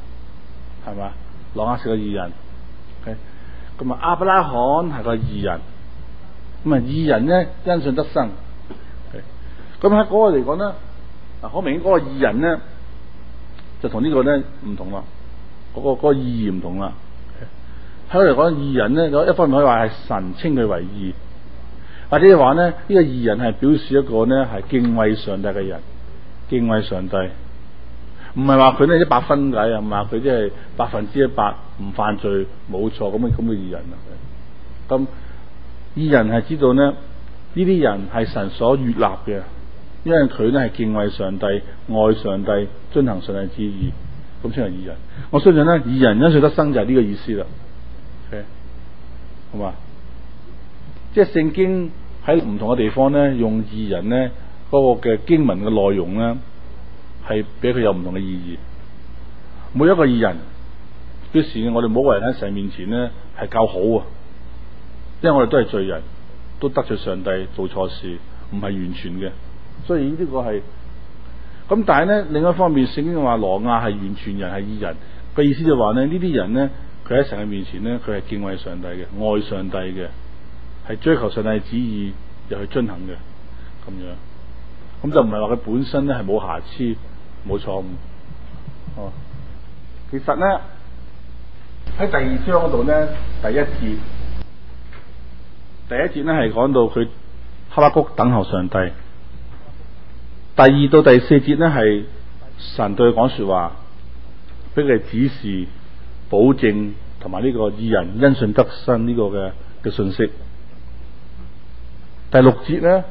係嘛？羅亞士個義人，咁，okay? 啊亞伯拉罕係個義人，咁啊義人咧因信得生。咁喺嗰個嚟講咧，嗱好明顯嗰個義人咧就呢同，那個那個同 okay? 個呢個咧唔同咯，嗰個嗰個意義唔同啦。喺度嚟講，義人咧，一方面可以話係神稱佢為義。或者話咧，呢、這個義人係表示一個咧係敬畏上帝嘅人，敬畏上帝，唔係話佢呢一百分解啊，唔係佢即係百分之一百唔犯罪冇錯咁嘅咁嘅義人啊，咁義人係知道咧呢啲人係神所悅納嘅，因為佢咧係敬畏上帝、愛上帝、遵行上帝之意，咁先係義人。我相信咧，義人因信得生就係呢個意思啦。OK，好嘛？即係聖經喺唔同嘅地方咧，用義人咧嗰，那個嘅經文嘅內容咧，係俾佢有唔同嘅意義。每一個義人，於是我哋唔好話人喺神面前咧係夠好啊，因為我哋都係罪人，都得罪上帝做錯事，唔係完全嘅。所以呢個係咁，但係咧另一方面，聖經話挪亞係完全人係義人嘅意思就話咧，呢啲人咧，佢喺神嘅面前咧，佢係敬畏上帝嘅，愛上帝嘅。係追求上帝旨意，又去遵行嘅咁樣，咁就唔係話佢本身咧係冇瑕疵、冇錯誤嘅。哦，其實咧喺第二章嗰度咧，第一節第一節咧係講到佢哈巴谷等候上帝。第二到第四節咧係神對佢講說話，俾佢指示、保證同埋呢個義人因信得生呢個嘅嘅信息。第六節咧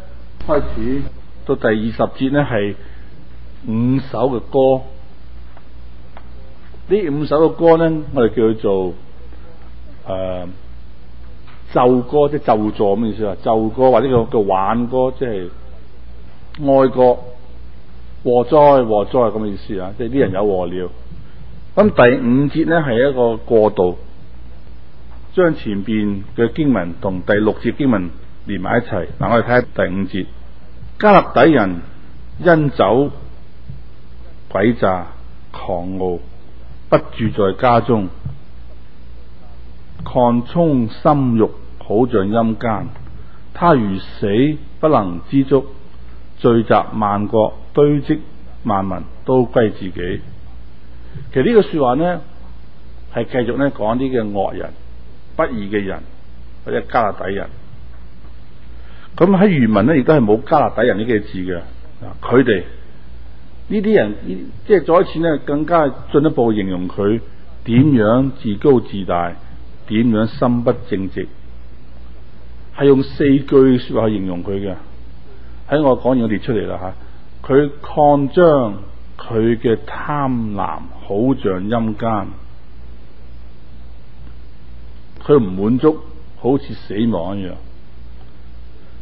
開始到第二十節咧係五首嘅歌。呢五首嘅歌咧，我哋叫佢做誒、呃、咒歌，即係咒詛，咁嘅意思啊。咒歌或者叫叫輓歌，即係哀歌，禍哉禍哉，咁嘅意思啊。即係啲人有禍了。咁、嗯、第五節咧係一個過渡，將前邊嘅經文同第六節經文連埋一齊。嗱，我哋睇下第五節，加勒底人因酒詭詐狂傲，不住在家中，擴充心欲，好像陰間。他如死不能知足，聚集萬國，堆積萬民，都歸自己。其實呢個說話呢，係繼續呢講啲嘅惡人、不義嘅人，或者加勒底人。咁喺漁民咧，亦都係冇加勒底人呢幾個字嘅。啊，佢哋呢啲人，即係再一次咧，更加進一步形容佢點樣自高自大，點樣心不正直，係用四句說話去形容佢嘅。喺我講完，我列出嚟啦吓，佢擴張佢嘅貪婪好像陰間，佢唔滿足，好似死亡一樣。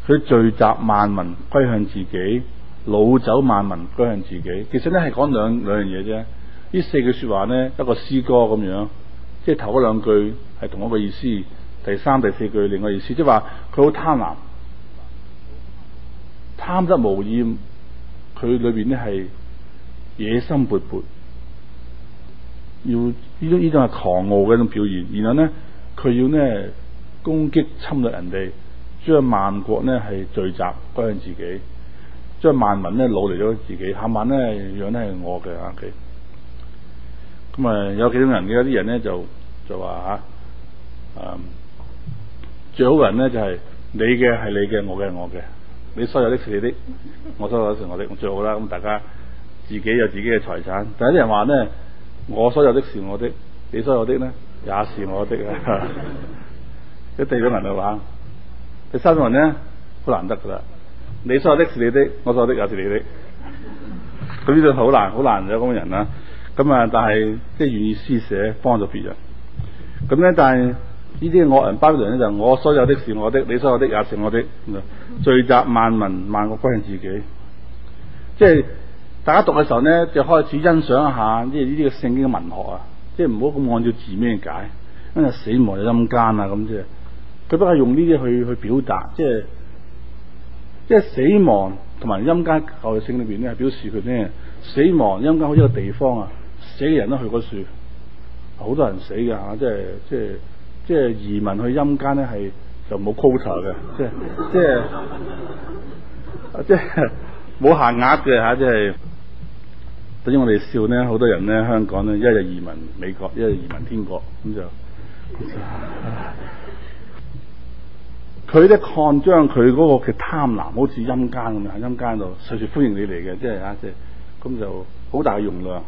佢聚集萬民歸向自己，擄走萬民歸向自己。其實咧係講兩兩樣嘢啫。呢四句說話咧，一個詩歌咁樣，即係頭嗰兩句係同一個意思，第三、第四句另外一個意思，即係話佢好貪婪，貪得無厭。佢裏邊咧係野心勃勃，要呢種呢種係狂傲嘅一種表現。然後咧，佢要呢攻擊侵略人哋。將萬國咧係聚集歸向自己，將萬民咧擄嚟咗自己，下晚咧養咧係我嘅阿基。咁、okay? 啊、嗯，有幾種人嘅？有啲人咧就就話吓，嗯、啊，最好人咧就係、是、你嘅係你嘅，我嘅係我嘅，你所有啲是你的，我所有啲是我啲，最好啦。咁大家自己有自己嘅財產。但係啲人話咧，我所有啲是我的，你所有啲咧也是我的啊！一地嘅人就話。 第三個人咧好難得噶啦，你所有的是你的，我所有的也是你的，咁呢度好難，好難有咁嘅人啦。咁啊，但係即係願意施捨，幫助別人。咁咧，但係呢啲惡人包括人咧，就是、我所有的是我的，你所有的也是我的，聚集萬民萬國歸向自己。即係大家讀嘅時候咧，就開始欣賞一下，即係呢啲嘅聖經文學啊，即係唔好咁按照字面解，因為死亡啊、陰間啊咁啫。佢都係用呢啲去去表達，即係即係死亡同埋陰間教育性裏邊咧，表示佢咧死亡陰間好似個地方啊，死嘅人都去過處，好多人死㗎吓。即係即係即係移民去陰間咧，係就冇 quota 嘅，即係即係即係冇限額嘅吓。即係等於我哋笑咧，好多人咧香港咧，一日移民美國，一日移民天國，咁就。 佢咧擴張佢嗰個嘅貪婪，好似陰間咁樣喺陰間度，隨時歡迎你嚟嘅，即係啊，即係咁就好大嘅容量，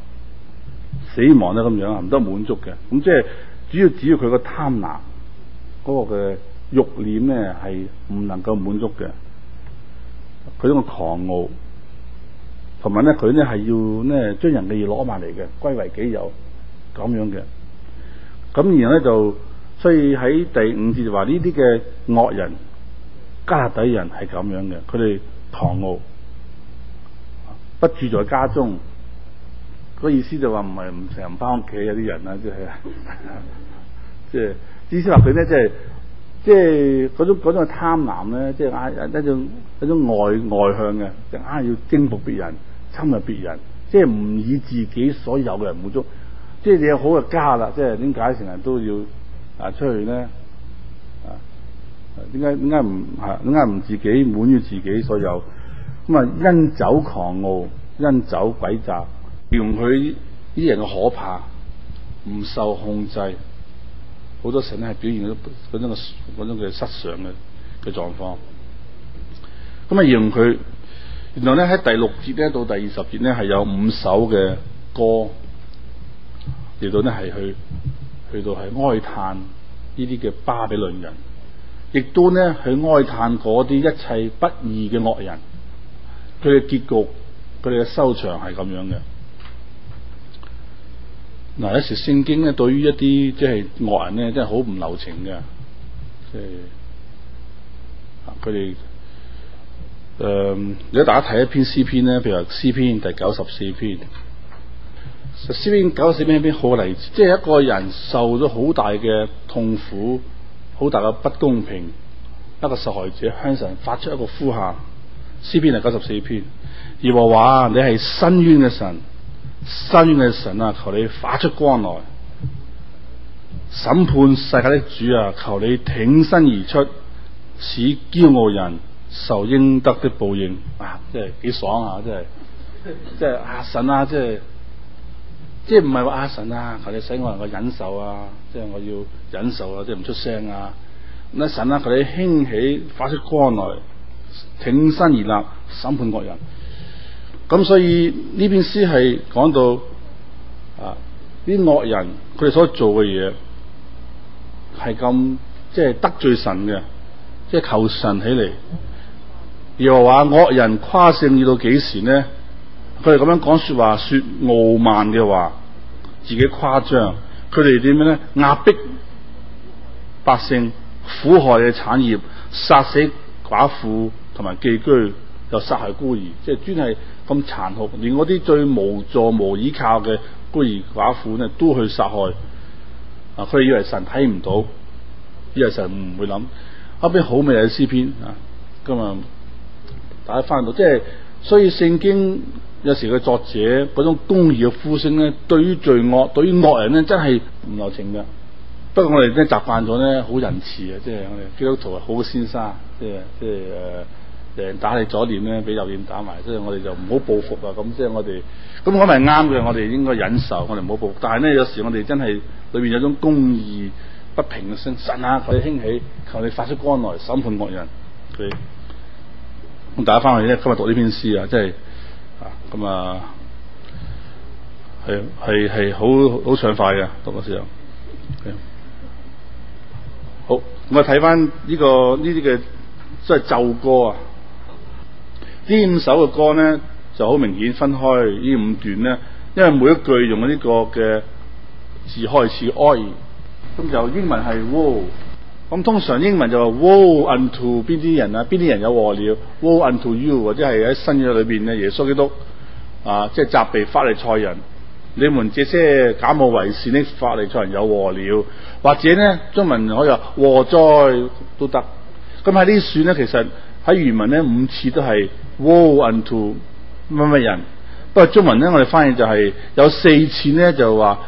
死亡咧咁樣，唔得滿足嘅。咁即係主要，主要，只要佢個貪婪嗰個嘅慾念咧，係唔能夠滿足嘅。佢一個狂傲，同埋咧佢咧係要咧將人嘅嘢攞埋嚟嘅，歸為己有咁樣嘅。咁然後咧就。所以喺第五節就話呢啲嘅惡人迦勒底人係咁樣嘅，佢哋狂傲不住在家中。個意思就話唔係唔成日唔翻屋企，有啲人啦，即係即係意思話佢咧，即係即係嗰種嗰種貪婪咧，即係啊一種一種外外向嘅，就硬要征服別人、侵入別人，即係唔以自己所有嘅人滿足，即係你有好嘅家啦，即係點解成日都要？啊！出去咧，啊，點解點解唔係？點解唔自己滿於自己所有？咁啊，因酒狂傲，因酒詭詐，形容呢啲人嘅可怕，唔受控制，好多時咧係表現咗嗰種嘅種嘅失常嘅嘅狀況。咁啊，形容佢。然後咧喺第六節咧到第二十節咧係有五首嘅歌，嚟到咧係去。去到係哀嘆呢啲嘅巴比倫人，亦都咧去哀嘆嗰啲一切不義嘅惡人，佢嘅結局，佢哋嘅收場係咁樣嘅。嗱、啊，有時聖經咧對於一啲即係惡人咧，真係好唔留情嘅。即係，啊，佢哋，誒，如果大家睇一篇詩篇咧，譬如話詩篇第九十四篇。詩篇九十四篇好例子，即係一個人受咗好大嘅痛苦，好大嘅不公平，一個受害者向神發出一個呼喊。詩篇係九十四篇，耶和華你係伸冤嘅神，伸冤嘅神啊，求你發出光來，審判世界的主啊，求你挺身而出，使驕傲人受應得的報應。啊，即係幾爽啊，即係即係阿神啊，即係。即係唔係話阿神啊，求你使我能夠忍受啊！即係我要忍受啊，即係唔出聲啊！咁阿神啊，求你興起，發出光來，挺身而立，審判惡人。咁所以呢篇詩係講到啊，啲惡人佢哋所做嘅嘢係咁即係得罪神嘅，即係求神起嚟，又話惡人誇勝要到幾時呢？佢哋咁樣講說話，說傲慢嘅話，自己誇張。佢哋點樣咧？壓迫百姓、苦害嘅產業，殺死寡婦同埋寄居，又殺害孤兒，即係專係咁殘酷。連嗰啲最無助、無依靠嘅孤兒寡婦咧，都去殺害。啊！佢哋以為神睇唔到，以為神唔會諗。後邊好美麗嘅詩篇啊，今日大家翻到，即係所以聖經。有時個作者嗰種公義嘅呼聲咧，對於罪惡，對於惡人咧，真係唔留情嘅。不過我哋咧，習慣咗咧，好仁慈啊，即係我哋基督徒啊，好先生，即係即係誒、呃，人打你左臉咧，俾右臉打埋，即係我哋就唔好報復啊。咁即係我哋咁，我咪啱嘅。我哋應該忍受，我哋唔好報復。但係咧，有時我哋真係裏邊有種公義不平嘅聲，神啊，佢興起，求你發出光來審判惡人。咁大家翻去咧，今日讀呢篇詩啊，即係。咁啊，係啊、嗯，係係好好暢快嘅，讀嗰時啊、嗯。好，啊睇翻呢個呢啲嘅即係咒歌啊。呢五首嘅歌咧就好明顯分開呢五段咧，因為每一句用咗呢個嘅字開始哀，咁就英文係 woe 咁通常英文就話 woe unto 邊啲人啊？邊啲人有禍了 woe unto you？或者係喺新約裏邊咧，耶穌基督。啊！即係責備法利賽人，你們這些假冒為善的法利賽人有禍了。或者呢，中文可以話禍災都得。咁喺呢段呢，其實喺原文呢五次都係 Woe unto 乜乜人，不過中文呢我哋翻譯就係有四次呢就話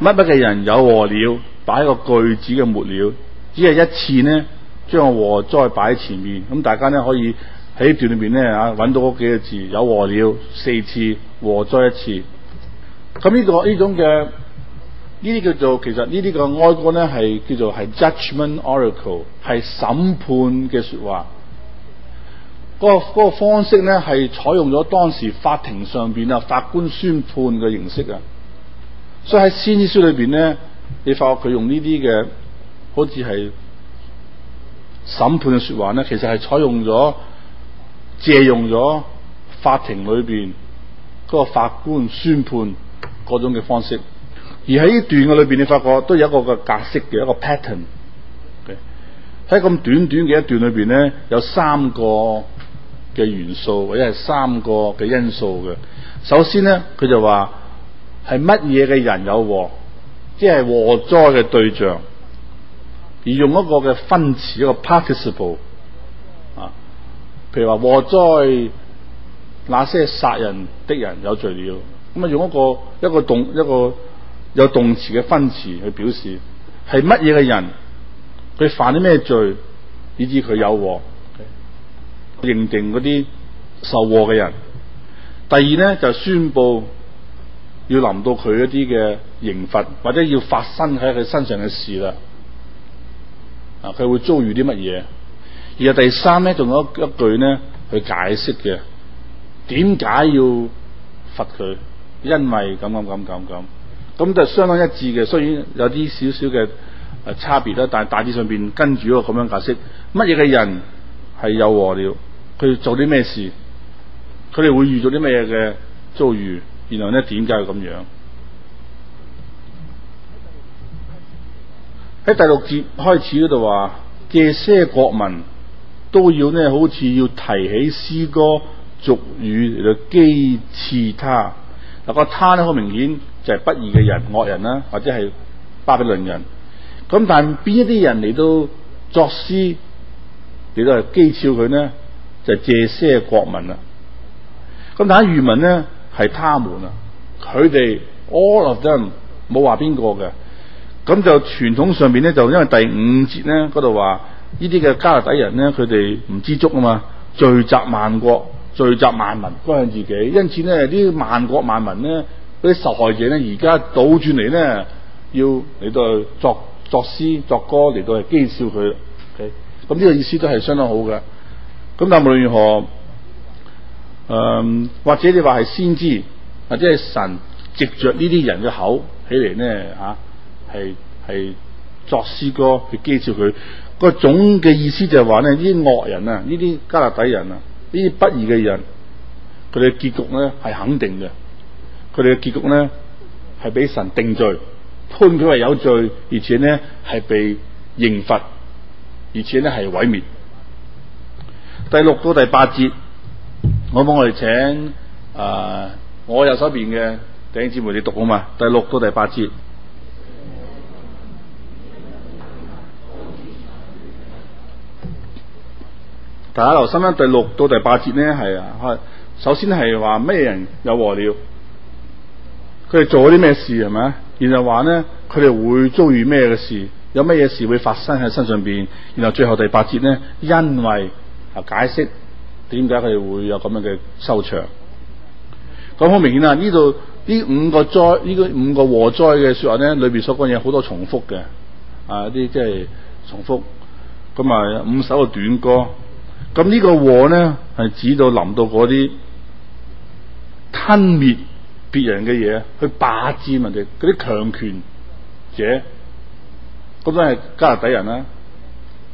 乜乜嘅人有禍了，擺個句子嘅末了，只係一次呢將個禍災擺喺前面，咁大家呢可以。喺段裏邊咧啊，揾到嗰幾個字有禍了四次，和咗一次。咁呢、這個呢種嘅呢啲叫做，其實呢啲個哀歌咧係叫做係 judgment oracle，係審判嘅說話。嗰、那個、那個方式咧係採用咗當時法庭上邊啊法官宣判嘅形式啊。所以喺先知書裏邊咧，你發覺佢用呢啲嘅好似係審判嘅說話咧，其實係採用咗。借用咗法庭裏邊個法官宣判嗰種嘅方式，而喺呢段嘅裏邊，你發覺都有一個嘅格式嘅一個 pattern，okay？嘅，喺咁短短嘅一段裏邊咧，有三個嘅元素，或者係三個嘅因素嘅。首先咧，佢就話係乜嘢嘅人有禍，即係禍災嘅對象，而用一個嘅分詞一個 participle。譬如話禍災，那些殺人的人有罪了。咁啊用一個一個動一個有動詞嘅分詞去表示係乜嘢嘅人，佢犯啲咩罪，以至佢有禍，認定嗰啲受禍嘅人。第二咧就宣布要臨到佢一啲嘅刑罰，或者要發生喺佢身上嘅事啦。啊，佢會遭遇啲乜嘢？而第三咧，仲有一一句咧，去解釋嘅，點解要罰佢？因為咁咁咁咁咁，就相當一致嘅。雖然有啲少少嘅誒差別啦，但係大致上邊跟住嗰個咁樣解釋，乜嘢嘅人係有禍了？佢做啲咩事？佢哋會遇到啲乜嘢嘅遭遇？然後咧，點解要咁樣？喺、嗯、第六節開始嗰度話，嘅些國民。都要咧，好似要提起詩歌、俗語嚟到譏刺他。嗱、那，個他咧好明顯就係不義嘅人、惡人啦，或者係巴比倫人。咁但係邊一啲人嚟到作詩，嚟到嚟譏誚佢呢？就借、是、些國民啦。咁但係漁民呢，係他們啊，佢哋 all of them 冇話邊個嘅。咁就傳統上面咧，就因為第五節咧嗰度話。呢啲嘅加勒底人咧，佢哋唔知足啊嘛，聚集萬國，聚集萬民，關向自己。因此咧，啲萬國萬民咧，嗰啲受害者咧，而家倒轉嚟咧，要嚟到去作作詩作歌嚟到嚟譏笑佢。OK，咁、嗯、呢、這個意思都係相當好嘅。咁但無論如何，誒、呃，或者你話係先知，或者係神藉着呢啲人嘅口起嚟咧，吓、啊，係係。作詩歌去譏誚佢，個總嘅意思就係話咧，呢啲惡人啊，呢啲加勒底人啊，呢啲不義嘅人,佢哋嘅結局咧係肯定嘅,佢哋嘅結局咧係俾神定罪,判佢為有罪,而且咧係被刑罰,而且咧係毀滅。第六到第八節，我幫我哋請啊、呃、我右手邊嘅頂姊妹你讀好嘛？第六到第八節。大家留心翻第六到第八節咧，係啊，首先係話咩人有禍了，佢哋做咗啲咩事係咪？然後話咧，佢哋會遭遇咩嘅事，有咩嘢事會發生喺身上邊？然後最後第八節咧，因為啊解釋點解佢哋會有咁樣嘅收場。咁好明顯啦，呢度呢五個災，呢個五個禍災嘅說話咧，裏邊所講嘢好多重複嘅啊，啲即係重複，咁啊五首嘅短歌。咁呢個禍咧，係指到臨到嗰啲吞滅別人嘅嘢，去霸占人哋嗰啲強權者，嗰種係迦勒底人啦、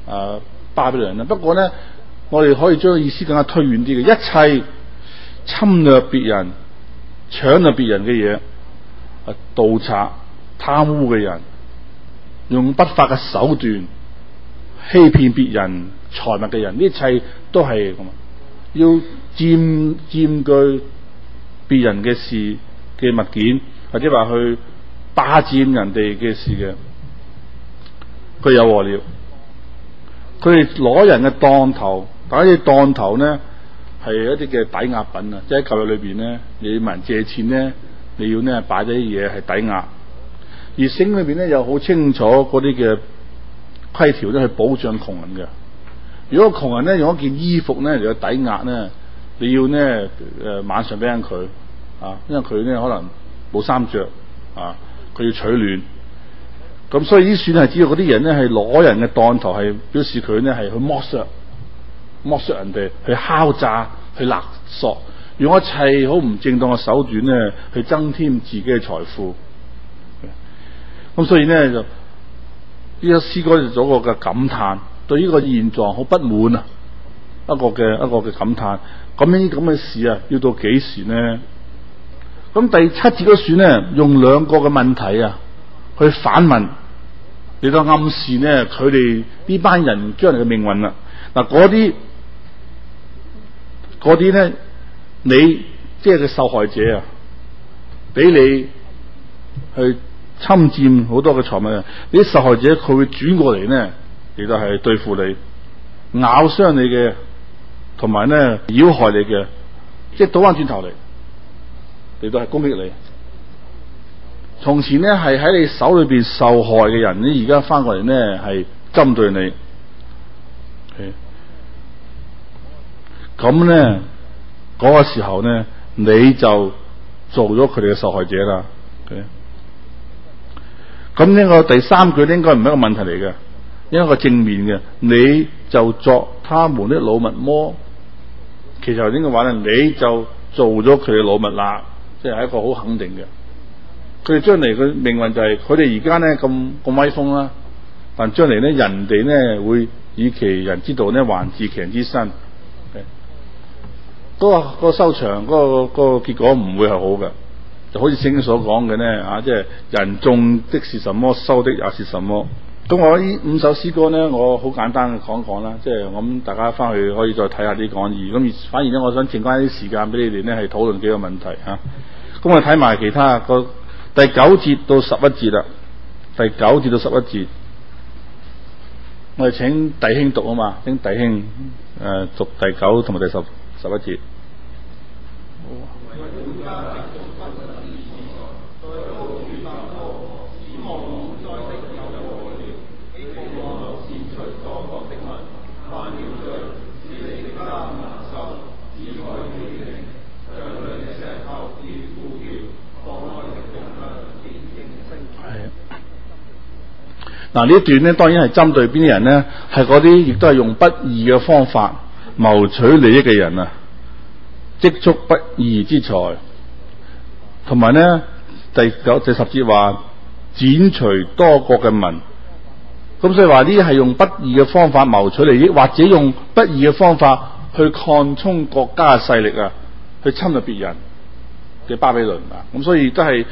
啊，啊、呃、巴比倫啦、啊。不過咧，我哋可以將意思更加推遠啲嘅，一切侵略別人、搶掠別人嘅嘢、盜賊貪污嘅人，用不法嘅手段欺騙別人財物嘅人，呢一切都係咁啊！要佔佔據別人嘅事嘅物件，或者話去霸佔人哋嘅事嘅，佢有禍了。佢哋攞人嘅當頭，而啲當頭咧係一啲嘅抵押品啊！即係舊日裏邊咧，你問借錢咧，你要咧擺咗啲嘢係抵押。而聖裏邊咧又好清楚嗰啲嘅規條都係保障窮人嘅。如果窮人咧用一件衣服咧去抵押咧，你要咧誒、呃、晚上俾人佢啊，因為佢咧可能冇衫着，啊，佢要取暖。咁所以呢啲算係知道嗰啲人咧係攞人嘅當頭，係表示佢咧係去剝削、剝削人哋，去敲詐、去勒索，用一切好唔正當嘅手段咧去增添自己嘅財富。咁所以咧就呢個詩歌就做個嘅感嘆。對呢個現狀好不滿啊！一個嘅一個嘅感嘆，咁呢啲咁嘅事啊，要到幾時呢？咁第七節都算呢，用兩個嘅問題啊，去反問，嚟到暗示呢，佢哋呢班人將來嘅命運啦、啊。嗱，嗰啲嗰啲呢，你即係個受害者啊，俾你去侵佔好多嘅財物，呢啲受害者佢會轉過嚟呢？亦都係對付你、咬傷你嘅，同埋咧、傷害你嘅，即係倒翻轉頭嚟，亦都係攻擊你。從前呢係喺你手裏邊受害嘅人，呢而家翻過嚟呢係針對你。咁咧嗰個時候咧，你就做咗佢哋嘅受害者啦。咁呢個第三句應該唔係一個問題嚟嘅。一個正面嘅，你就作他們的擄物嗎。其實頭先嘅話咧，你就做咗佢嘅擄物啦，即係一個好肯定嘅。佢哋將嚟嘅命運就係、係，佢哋而家咧咁咁威風啦，但將嚟咧人哋咧會以其人之道咧還治其人之身。嗰個、嗰個收場，嗰、嗰個、嗰個結果唔會係好嘅。就好似聖經所講嘅咧，啊，即係人種的是什麼，收的也是什麼。咁我呢五首詩歌咧，我好簡單講講啦，即係我諗大家翻去可以再睇下啲講義。咁反而咧，我想剩翻啲時間俾你哋咧，係討論幾個問題啊。咁我哋睇埋其他個第九節到十一節啦。第九節到十一節，我哋請弟兄讀啊嘛，請弟兄誒讀第九同埋第十、十一節。嗯嗱呢一段咧，當然係針對邊啲人咧？係嗰啲亦都係用不義嘅方法謀取利益嘅人啊，積蓄不義之財，同埋咧，第九、第十節話剪除多國嘅民。咁所以話呢啲係用不義嘅方法謀取利益，或者用不義嘅方法去擴充國家嘅勢力啊，去侵略別人嘅巴比倫啊。咁所以都係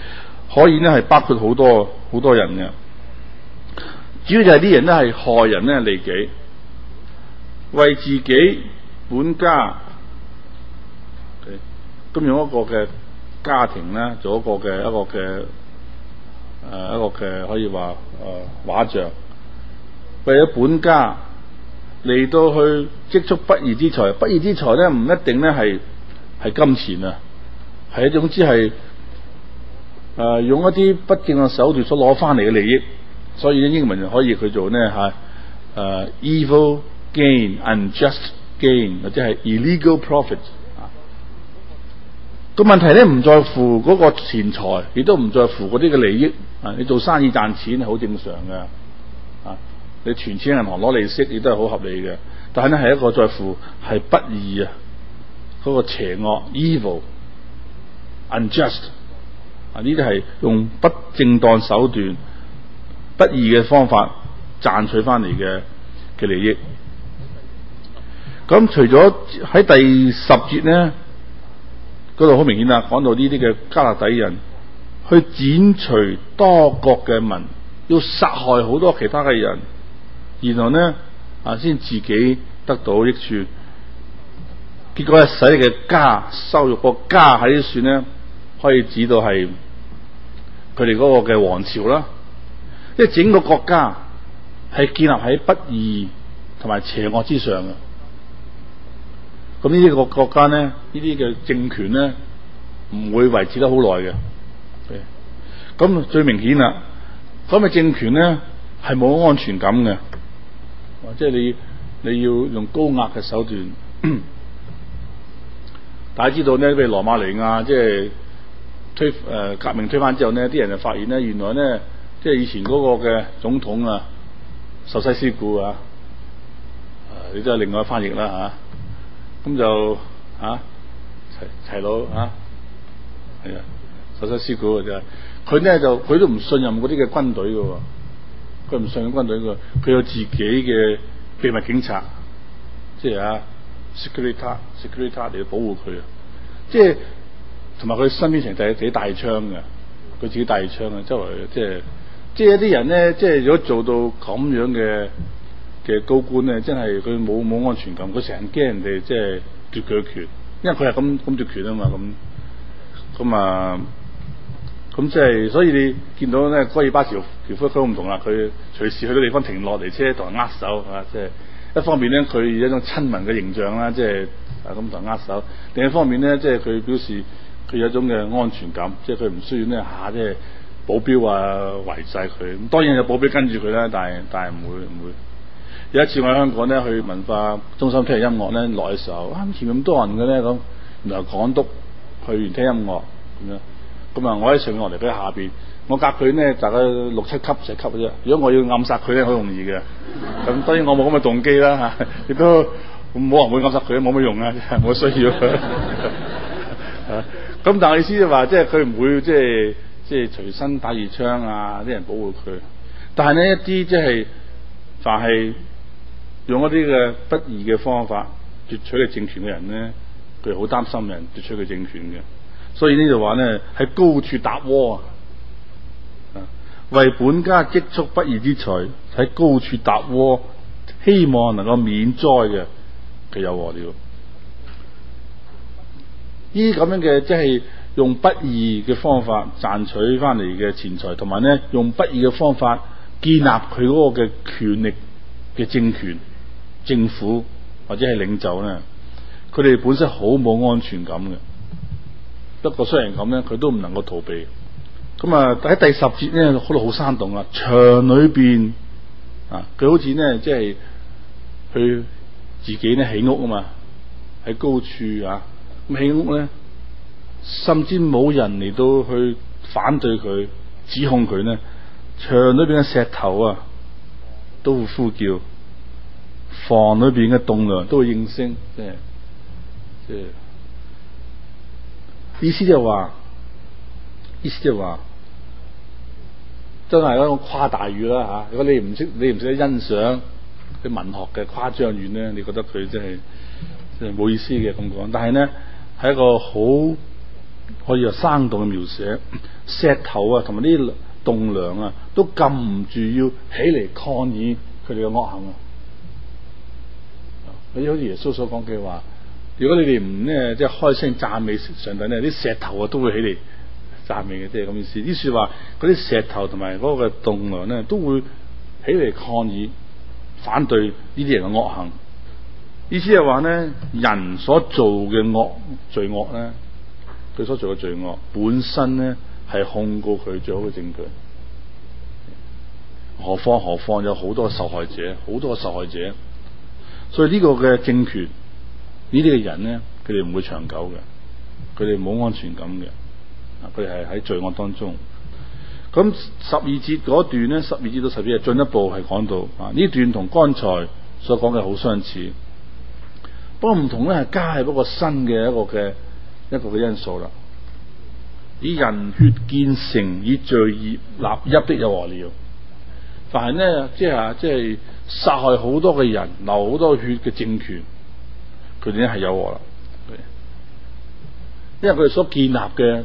可以咧，係包括好多好多人嘅。主要就係啲人咧，係害人咧利己，為自己本家咁樣一個嘅家庭咧，做一個嘅一個嘅誒、呃、一個嘅可以話誒、呃、畫像，為咗本家嚟到去積蓄不義之財，不義之財咧唔一定咧係係金錢啊，係一種之係誒、呃、用一啲不正嘅手段所攞翻嚟嘅利益。所以咧，英文就可以去做呢，嚇、啊，誒 evil gain、unjust gain 或者係 illegal profit、啊。個問題咧唔在乎嗰個錢財，亦都唔在乎嗰啲嘅利益。啊，你做生意賺錢好正常嘅。啊，你存錢銀行攞利息亦都係好合理嘅。但係咧係一個在乎係不義啊，嗰、那個邪惡 evil、unjust 啊，呢啲係用不正當手段。不義嘅方法賺取翻嚟嘅嘅利益。咁除咗喺第十節咧，嗰度好明顯啊，講到呢啲嘅加勒底人去剪除多國嘅民，要殺害好多其他嘅人，然後咧啊先自己得到益處。結果咧，使嘅家羞辱個家喺啲算呢？可以指到係佢哋嗰個嘅王朝啦。即係整個國家係建立喺不義同埋邪惡之上嘅，咁呢啲個國家咧，呢啲嘅政權咧唔會維持得好耐嘅。咁最明顯啦，咁嘅政權咧係冇安全感嘅，即係你你要用高壓嘅手段。大家 知道呢，譬如羅馬尼亞，即係推、呃、革命推翻之後呢，啲人就發現咧，原來咧。.即係以前嗰個嘅總統啊，壽西斯古啊，你都係另外翻譯啦、啊、嚇。咁就啊，齊齊魯啊，係啊，壽西斯古嘅啫。佢咧就佢都唔信任嗰啲嘅軍隊嘅、啊，佢唔信任軍隊嘅，佢有自己嘅秘密警察，即係啊 security security 嚟保護佢啊。Security, Security，即係同埋佢身邊成日自，自己帶槍嘅，佢自己帶槍啊，周圍即係。即係一啲人咧，即係如果做到咁樣嘅嘅高官咧，真係佢冇冇安全感，佢成日驚人哋即係奪佢嘅權，因為佢係咁咁奪權啊嘛，咁咁啊，咁即係所以你見到咧，戈爾巴喬夫都唔同啦，佢隨時去到地方停落嚟車同人握手啊，即係一方面咧，佢以一種親民嘅形象啦，即係啊咁同人握手；另一方面咧，即係佢表示佢有一種嘅安全感，即係佢唔需要呢下、啊，即係。保鏢啊，圍晒佢，咁當然有保鏢跟住佢啦。但係但係唔會唔會。有一次我喺香港咧，去文化中心聽音樂咧，落嘅時候，啱前面咁多人嘅咧，咁原來港督去完聽音樂咁樣。咁啊，我喺上面落嚟，佢喺下邊，我隔佢咧，大概六七級、七級啫。如果我要暗殺佢咧，好容易嘅。咁當然我冇咁嘅動機啦，吓、啊，亦都冇人會暗殺佢，冇乜用啊，冇需要。咁、啊、但係意思就話，即係佢唔會，即係。即係隨身帶住槍啊！啲人保護佢，但係呢，一啲即係凡係用一啲嘅不義嘅方法奪取嘅政權嘅人咧，佢好擔心人奪取佢政權嘅，所以呢度話咧喺高處搭窩啊，為本家積蓄不義之財喺高處搭窩，希望能夠免災嘅，佢有禍了呢咁樣嘅即係。用不義嘅方法賺取翻嚟嘅錢財，同埋咧用不義嘅方法建立佢嗰個嘅權力嘅政權、政府或者係領袖咧，佢哋本身好冇安全感嘅。不過雖然咁咧，佢都唔能夠逃避。咁啊喺第十節咧，睇到好生動裡啊！牆裏邊啊，佢好似咧即係佢自己咧起屋啊嘛，喺高處啊咁起屋咧，甚至冇人嚟到去反對佢，指控佢咧，牆裏邊嘅石頭啊都會呼叫，房裏邊嘅棟樑都會應聲，即係即係意思就話，意思就話，真係一種誇大語啦吓，啊。如果你唔識，你唔使欣賞啲文學嘅誇張語咧，你覺得佢真係即係冇意思嘅咁講。但係咧，係一個好。可以有生動嘅描寫，石頭啊，同埋啲棟樑啊，都禁唔住要起嚟抗議佢哋嘅惡行啊！好似耶穌所講嘅話，如果你哋唔咧即係開聲讚美上帝咧，啲石頭啊、就是、都會起嚟讚美嘅，即係咁意思。啲說話嗰啲石頭同埋嗰個棟樑咧，都會起嚟抗議反對呢啲人嘅惡行。意思係話咧，人所做嘅惡罪惡咧。佢所做嘅罪惡本身咧，係控告佢最好嘅證據。何況何況，有好多受害者，好多受害者。所以呢個嘅政權，呢啲嘅人咧，佢哋唔會長久嘅，佢哋冇安全感嘅。啊，佢哋係喺罪惡當中。咁十二節嗰段咧，十二節到十二日進一步係講到啊，呢段同剛才所講嘅好相似，不過唔同咧，加係一個新嘅一個嘅。一個嘅因素啦，以人血建城，以罪孽立邑的有禍了，凡係咧即係即係殺害好多嘅人，流好多血嘅政權，佢哋咧係有禍啦。因為佢哋所建立嘅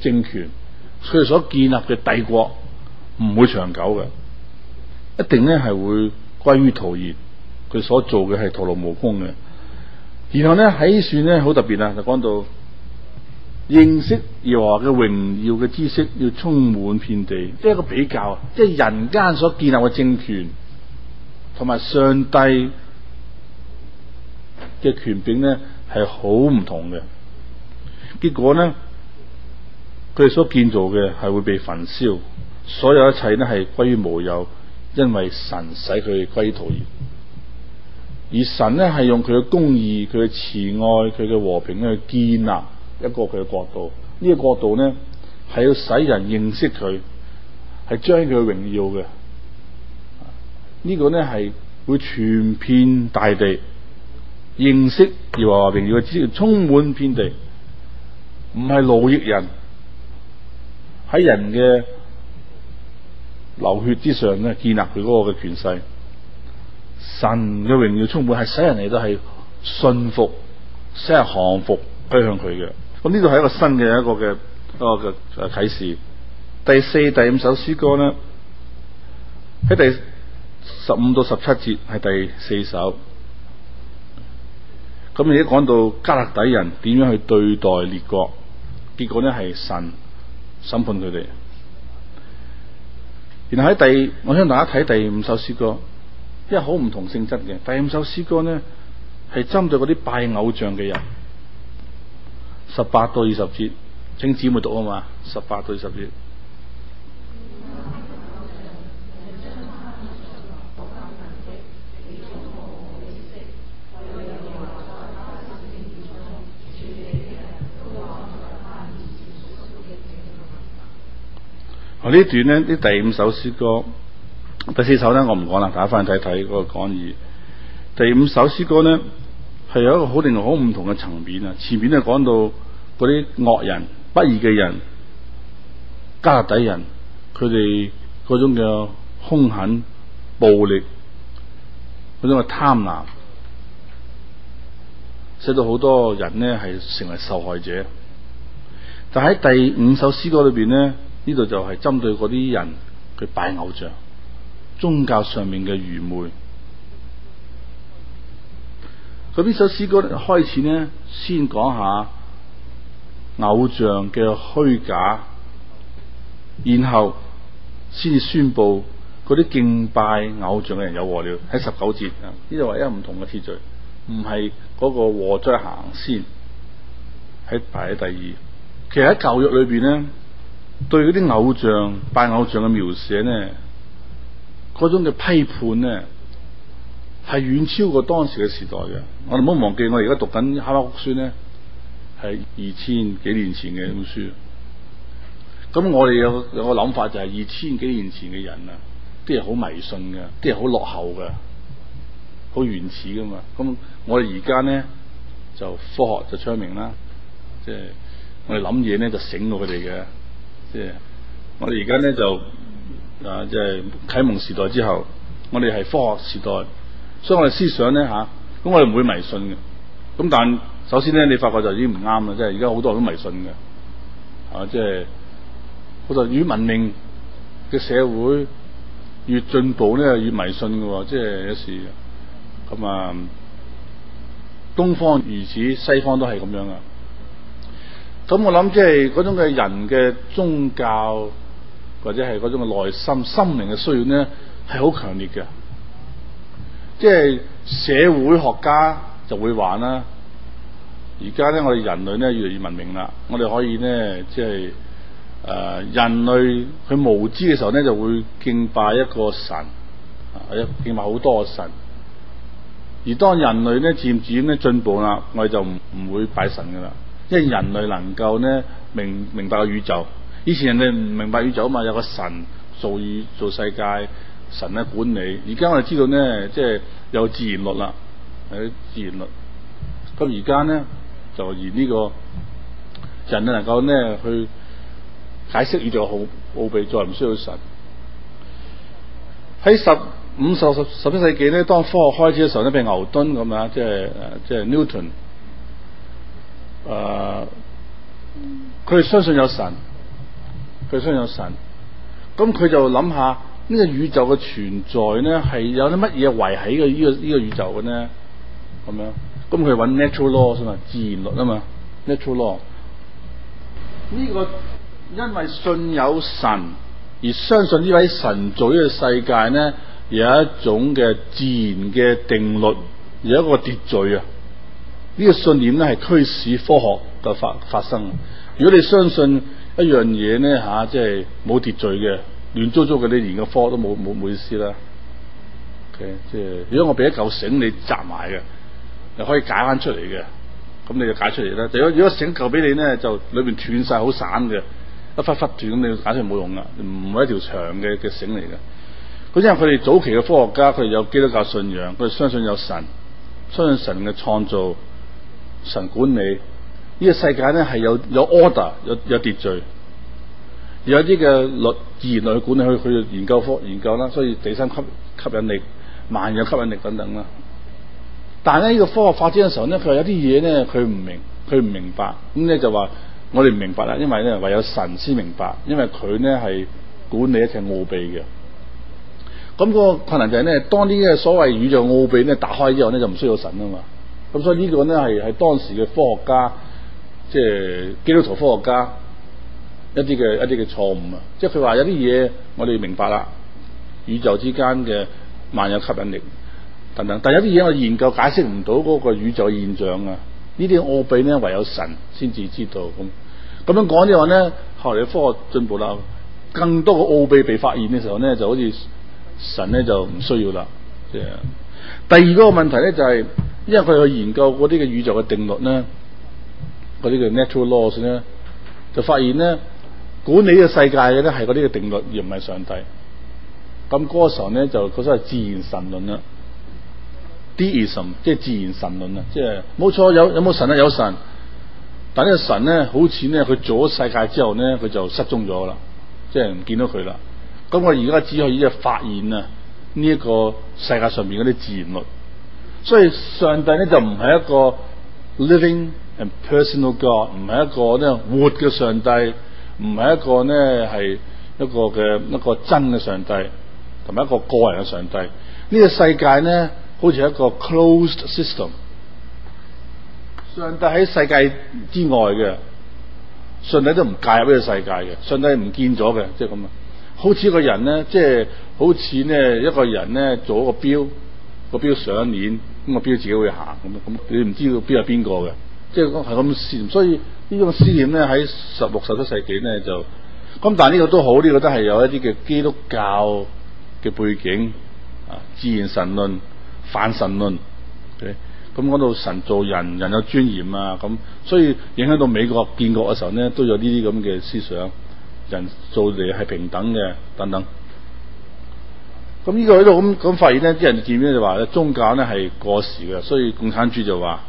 政權，佢哋所建立嘅帝國唔會長久嘅，一定咧係會歸於徒然。佢所做嘅係徒勞無功嘅。然後咧喺呢處咧好特別啊，就講到。認識耶和華嘅榮耀嘅知識要充滿遍地，即係一個比較，即係人間所建立嘅政權，同埋上帝嘅權柄呢，係好唔同嘅。結果呢，佢哋所建造嘅係會被焚燒，所有一切呢係歸於無有，因為神使佢歸於徒然。而神呢，係用佢嘅公義、佢嘅慈愛、佢嘅和平去建立。一個佢嘅角度，呢、這個角度咧係要使人認識佢，係將佢榮耀嘅。這個、呢個咧係會全遍大地認識，耶和華榮耀嘅知識充滿遍地，唔係奴役人喺人嘅流血之上咧建立佢嗰個嘅權勢。神嘅榮耀充滿係使人嚟都係信服，使人降服歸向佢嘅。咁呢度係一個新嘅一個嘅一個嘅誒啟示。第四、第五首詩歌咧，喺第十五到十七節係第四首。咁而家講到迦勒底人點樣去對待列國，結果咧係神審判佢哋。然後喺第，我想大家睇第五首詩歌，因為好唔同性質嘅。第五首詩歌咧，係針對嗰啲拜偶像嘅人。十八到二十節，請姊妹讀啊嘛！十八到二十節。我呢、哦、段呢，啲第五首詩歌，第四首咧，我唔講啦，大家翻去睇睇嗰個講義。第五首詩歌咧，係有一個好定好唔同嘅層面啊！前面咧講到嗰啲惡人、不義嘅人、加勒底人，佢哋嗰種嘅兇狠、暴力，嗰種嘅貪婪，使到好多人呢係成為受害者。但喺第五首詩歌裏邊呢，呢度就係針對嗰啲人佢拜偶像、宗教上面嘅愚昧。嗰呢首詩歌咧，開始咧先講下偶像嘅虛假，然後先宣布嗰啲敬拜偶像嘅人有禍了。喺十九節啊，呢度話一唔同嘅秩序，唔係嗰個禍在行先，喺擺喺第二。其實喺教育裏邊咧，對嗰啲偶像、拜偶像嘅描寫咧，嗰種嘅批判咧。係遠超過當時嘅時代嘅，我哋唔好忘記我，我哋而家讀緊《哈巴谷》書咧，係二千幾年前嘅本書。咁我哋有有個諗法就係二千幾年前嘅人啊，啲人好迷信噶，啲人好落後噶，好原始噶嘛。咁我哋而家咧，就科學就昌明啦，即係我哋諗嘢咧，就醒過佢哋嘅，即係我哋而家咧，就啊即係啟蒙時代之後，我哋係科學時代。所以我哋思想咧吓，咁、啊、我哋唔會迷信嘅。咁但首先咧，你發覺就已經唔啱啦，即係而家好多人都迷信嘅，係、啊、即係我就與文明嘅社會，越進步咧，越迷信嘅喎。即係有時咁啊，東方如此，西方都係咁樣啊。咁我諗即係嗰種嘅人嘅宗教或者係嗰種嘅內心、心靈嘅需要咧，係好強烈嘅。即係社會學家就會玩啦，而家咧我哋人類咧越嚟越文明啦，我哋可以咧即係誒、呃，人類佢無知嘅時候咧就會敬拜一個神，啊，敬拜好多個神，而當人類咧漸漸咧進步啦，我哋就唔唔會拜神噶啦，因為人類能夠咧明白明白個宇宙，以前人哋唔明白宇宙啊嘛，有個神做宇做世界。神咧管理，而家我哋知道咧，即係有自然律啦，喺自然律。咁而家咧就而、這個、呢個人咧能夠咧去解釋宇宙，好奧秘，再唔需要神。喺十五、十、十、十一世紀咧，當科學開始嘅時候咧，譬如牛頓咁樣，即係誒，即係 Newton，誒、呃，佢哋相信有神，佢相信有神，咁佢就諗下。呢個宇宙嘅存在咧，係有啲乜嘢圍喺嘅？呢個呢個宇宙嘅咧？咁樣，咁佢揾 natural law 嘛，自然律啊嘛，natural law、這個。呢個因為信有神而相信呢位神造呢個世界咧，有一種嘅自然嘅定律，有一個秩序啊。這個、呢個信念咧係驅使科學嘅發發生。如果你相信一樣嘢咧吓，即係冇秩序嘅。亂糟糟嗰啲連個科都冇冇冇意思啦。O.K. 即係如果我俾一嚿繩你紮埋嘅，你可以解翻出嚟嘅，咁你就解出嚟啦。就如果繩嚿俾你咧，就裏邊斷晒好散嘅，一忽忽斷咁，你就解出嚟冇用噶，唔係一條長嘅嘅繩嚟嘅。嗰啲係佢哋早期嘅科學家，佢哋有基督教信仰，佢哋相信有神，相信神嘅創造，神管理呢個世界咧係有有 order 有有秩序。有一啲嘅律自然律管理去去研究科研究啦，所以地心吸吸引力萬有吸引力等等啦。但係咧呢、這個科學發展嘅時候咧，佢有啲嘢，咧佢唔明佢唔明白，咁咧就話我哋唔明白啦，因為咧唯有神先明白，因為佢咧係管理一切奧秘嘅。咁、那個困難就係咧，當啲嘅所謂宇宙奧秘咧打開之後咧，就唔需要神啊嘛。咁所以個呢個咧係係當時嘅科學家，即係基督徒科學家。一啲嘅一啲嘅錯誤啊，即係佢話有啲嘢我哋明白啦，宇宙之間嘅萬有吸引力等等，但係有啲嘢我研究解釋唔到嗰個宇宙現象啊，奧呢啲奧秘咧，唯有神先至知道。咁、嗯、咁樣講嘅係話咧，後嚟科學進步啦，更多嘅奧秘被發現嘅時候咧，就好似神咧就唔需要啦。第二嗰個問題咧就係、是，因為佢去研究嗰啲嘅宇宙嘅定律咧，嗰啲叫 natural laws 咧，就發現咧。管理嘅世界嘅咧係啲嘅定律，而唔係上帝。咁嗰個神咧就所謂自然神論啦。Deism 即係自然神論啊，即係冇錯，有有冇神啊？有神，但呢個神咧好似咧，佢做咗世界之後咧佢就失蹤咗啦，即係唔見到佢啦。咁我而家只可以發現啊，呢一個世界上面啲自然律，所以上帝咧就唔係一個 living and personal god，唔係一個咧活嘅上帝。唔係一個咧，係一個嘅一個真嘅上帝，同埋一個個人嘅上帝。呢個世界咧，好似一個 closed system。上帝喺世界之外嘅，上帝都唔介入呢個世界嘅，上帝唔見咗嘅，即係咁啊！好似個人咧，即係好似咧，一個人咧，就是，做一個錶，個錶上鏈咁，個錶自己會行咁啊！咁你唔知道錶係邊個嘅。即係咁係咁思辨。所以呢種思辨咧喺十六、十七世紀咧就咁，但係呢個都好，呢、這個都係有一啲嘅基督教嘅背景啊，自然神論、反神論。咁、okay? 嗯、講到神做人，人有尊嚴啊咁，所以影響到美國建國嘅時候咧，都有呢啲咁嘅思想，人做嚟係平等嘅等等。咁、嗯、呢、這個喺度咁咁發現呢啲人見面就話咧，宗教咧係過時嘅，所以共產主義就話。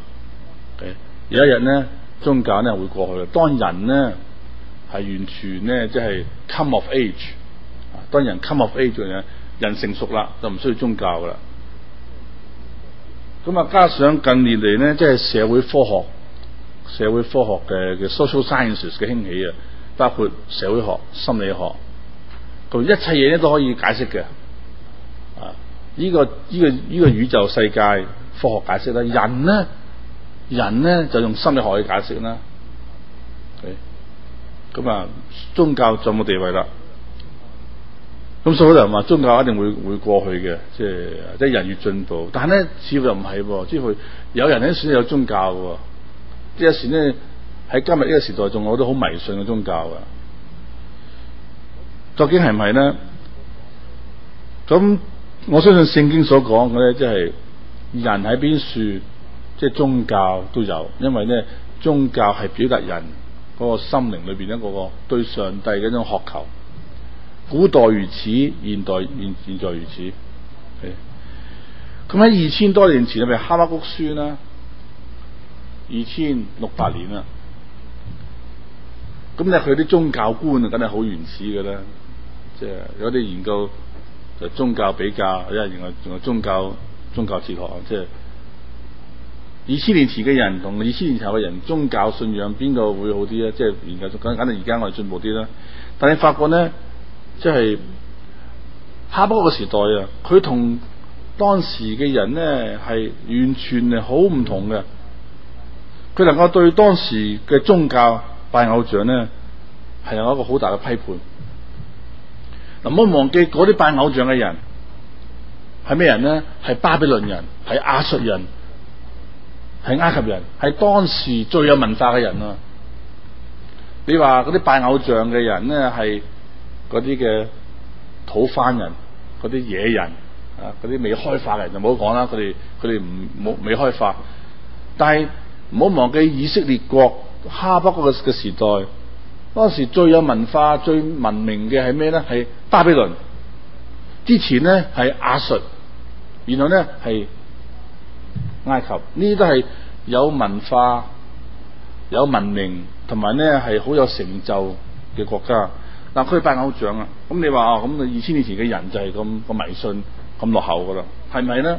Okay? 有一日咧，宗教咧會過去嘅。當人咧係完全咧即係 come of age，當人 come of age 咧，人成熟啦，就唔需要宗教噶啦。咁啊，加上近年嚟咧，即係社會科學、社會科學嘅嘅 social sciences 嘅興起啊，包括社會學、心理學，佢一切嘢咧都可以解釋嘅。啊，呢個呢個呢個宇宙世界科學解釋啦，人咧。人咧就用心理學去解釋啦，咁、嗯、啊、嗯、宗教就冇地位啦。咁、嗯、所以好多人話宗教一定會會過去嘅，即係即係人越進步，但係咧似乎又唔係、哦，即係有人喺樹有宗教嘅、哦，即係有時咧喺今日呢個時代仲有好多好迷信嘅宗教噶、啊。究竟係唔係咧？咁我相信聖經所講嘅咧，即、就、係、是、人喺邊處。即係宗教都有，因為咧宗教係表達人嗰個心靈裏邊一個個對上帝嗰種渴求。古代如此，現代現現在如此。咁喺二千多年前，咪哈巴谷書啦，二千六百年啦。咁咧佢啲宗教觀啊，梗係好原始嘅咧，即係有啲研究就宗教比較，因為原來仲有宗教宗教哲學，即係。二千年前嘅人同二千年後嘅人宗教信仰邊個會好啲咧？即係研究，咁肯定而家我哋進步啲啦。但係發覺咧，即係哈巴谷嘅時代啊，佢同當時嘅人咧係完全係好唔同嘅。佢能夠對當時嘅宗教拜偶像咧，係有一個好大嘅批判。嗱、啊，唔好忘記嗰啲拜偶像嘅人係咩人咧？係巴比倫人，係亞述人。係埃及人，係當時最有文化嘅人啊！你話嗰啲拜偶像嘅人咧，係嗰啲嘅土番人、嗰啲野人啊，嗰啲未開發嘅人就唔好講啦，佢哋佢哋唔冇未開發。但係唔好忘記以色列國哈巴谷嘅時代，當時最有文化、最文明嘅係咩咧？係巴比倫，之前咧係亞述，然後咧係埃及呢啲都係有文化、有文明同埋咧係好有成就嘅國家。嗱、呃，佢哋拜偶像啊，咁、嗯、你話咁啊二千年前嘅人就係咁咁迷信、咁落後噶啦，係咪咧？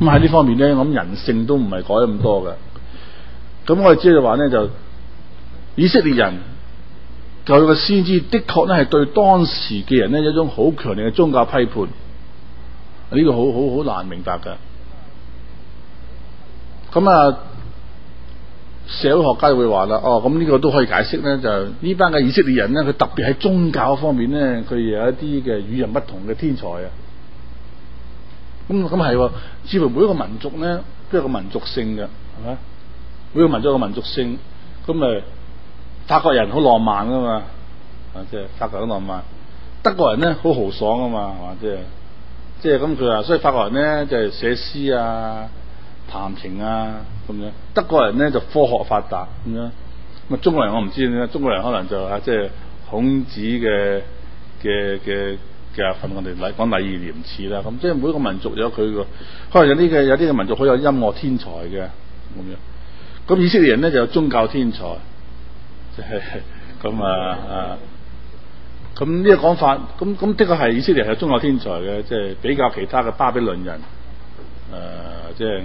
咁喺呢方面咧，咁人性都唔係改咁多嘅。咁、嗯、我哋即係話咧就，以色列人佢個先知的確咧係對當時嘅人咧有一種好強烈嘅宗教批判。呢、這個好好好難明白噶。咁啊，社會學家會話啦，哦，咁呢個都可以解釋咧，就呢、是、班嘅以色列人咧，佢特別喺宗教方面咧，佢有一啲嘅與人不同嘅天才啊。咁咁係，似、啊、乎每一個民族咧都有個民族性嘅，係咪、啊？每個民族有個民族性，咁啊、就是，法國人好浪漫噶嘛，啊，即係法國人好浪漫。德國人咧好豪爽噶嘛，係、啊、嘛？即係，即係咁佢話，所以法國人咧就係寫詩啊。談情啊咁樣，德國人咧就科學發達咁樣，咁啊中國人我唔知點解，中國人可能就啊即係孔子嘅嘅嘅嘅學問，我哋禮講禮義廉恥啦，咁即係每一個民族有佢個，可能有啲嘅有啲嘅民族好有音樂天才嘅咁樣，咁以色列人咧就有宗教天才，即係咁啊啊，咁啊呢個講法，咁咁的確係以色列人係有宗教天才嘅，即係比較其他嘅巴比倫人，誒即係。就是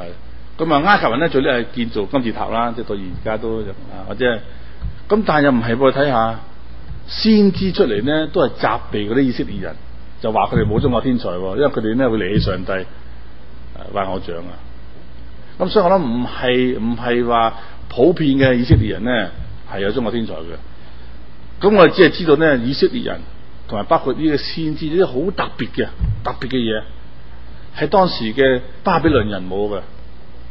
係，咁啊埃及人咧最叻係建造金字塔啦，即係到而家都，啊或者係，咁但係又唔係俾我睇下先知出嚟，咧都係責備啲以色列人，就話佢哋冇中國天才，因為佢哋咧會離棄上帝，誒話我像啊。咁所以我諗唔係唔係話普遍嘅以色列人咧係有中國天才嘅，咁我哋只係知道咧以色列人同埋包括呢個先知呢啲好特別嘅特別嘅嘢。係當時嘅巴比倫人冇嘅，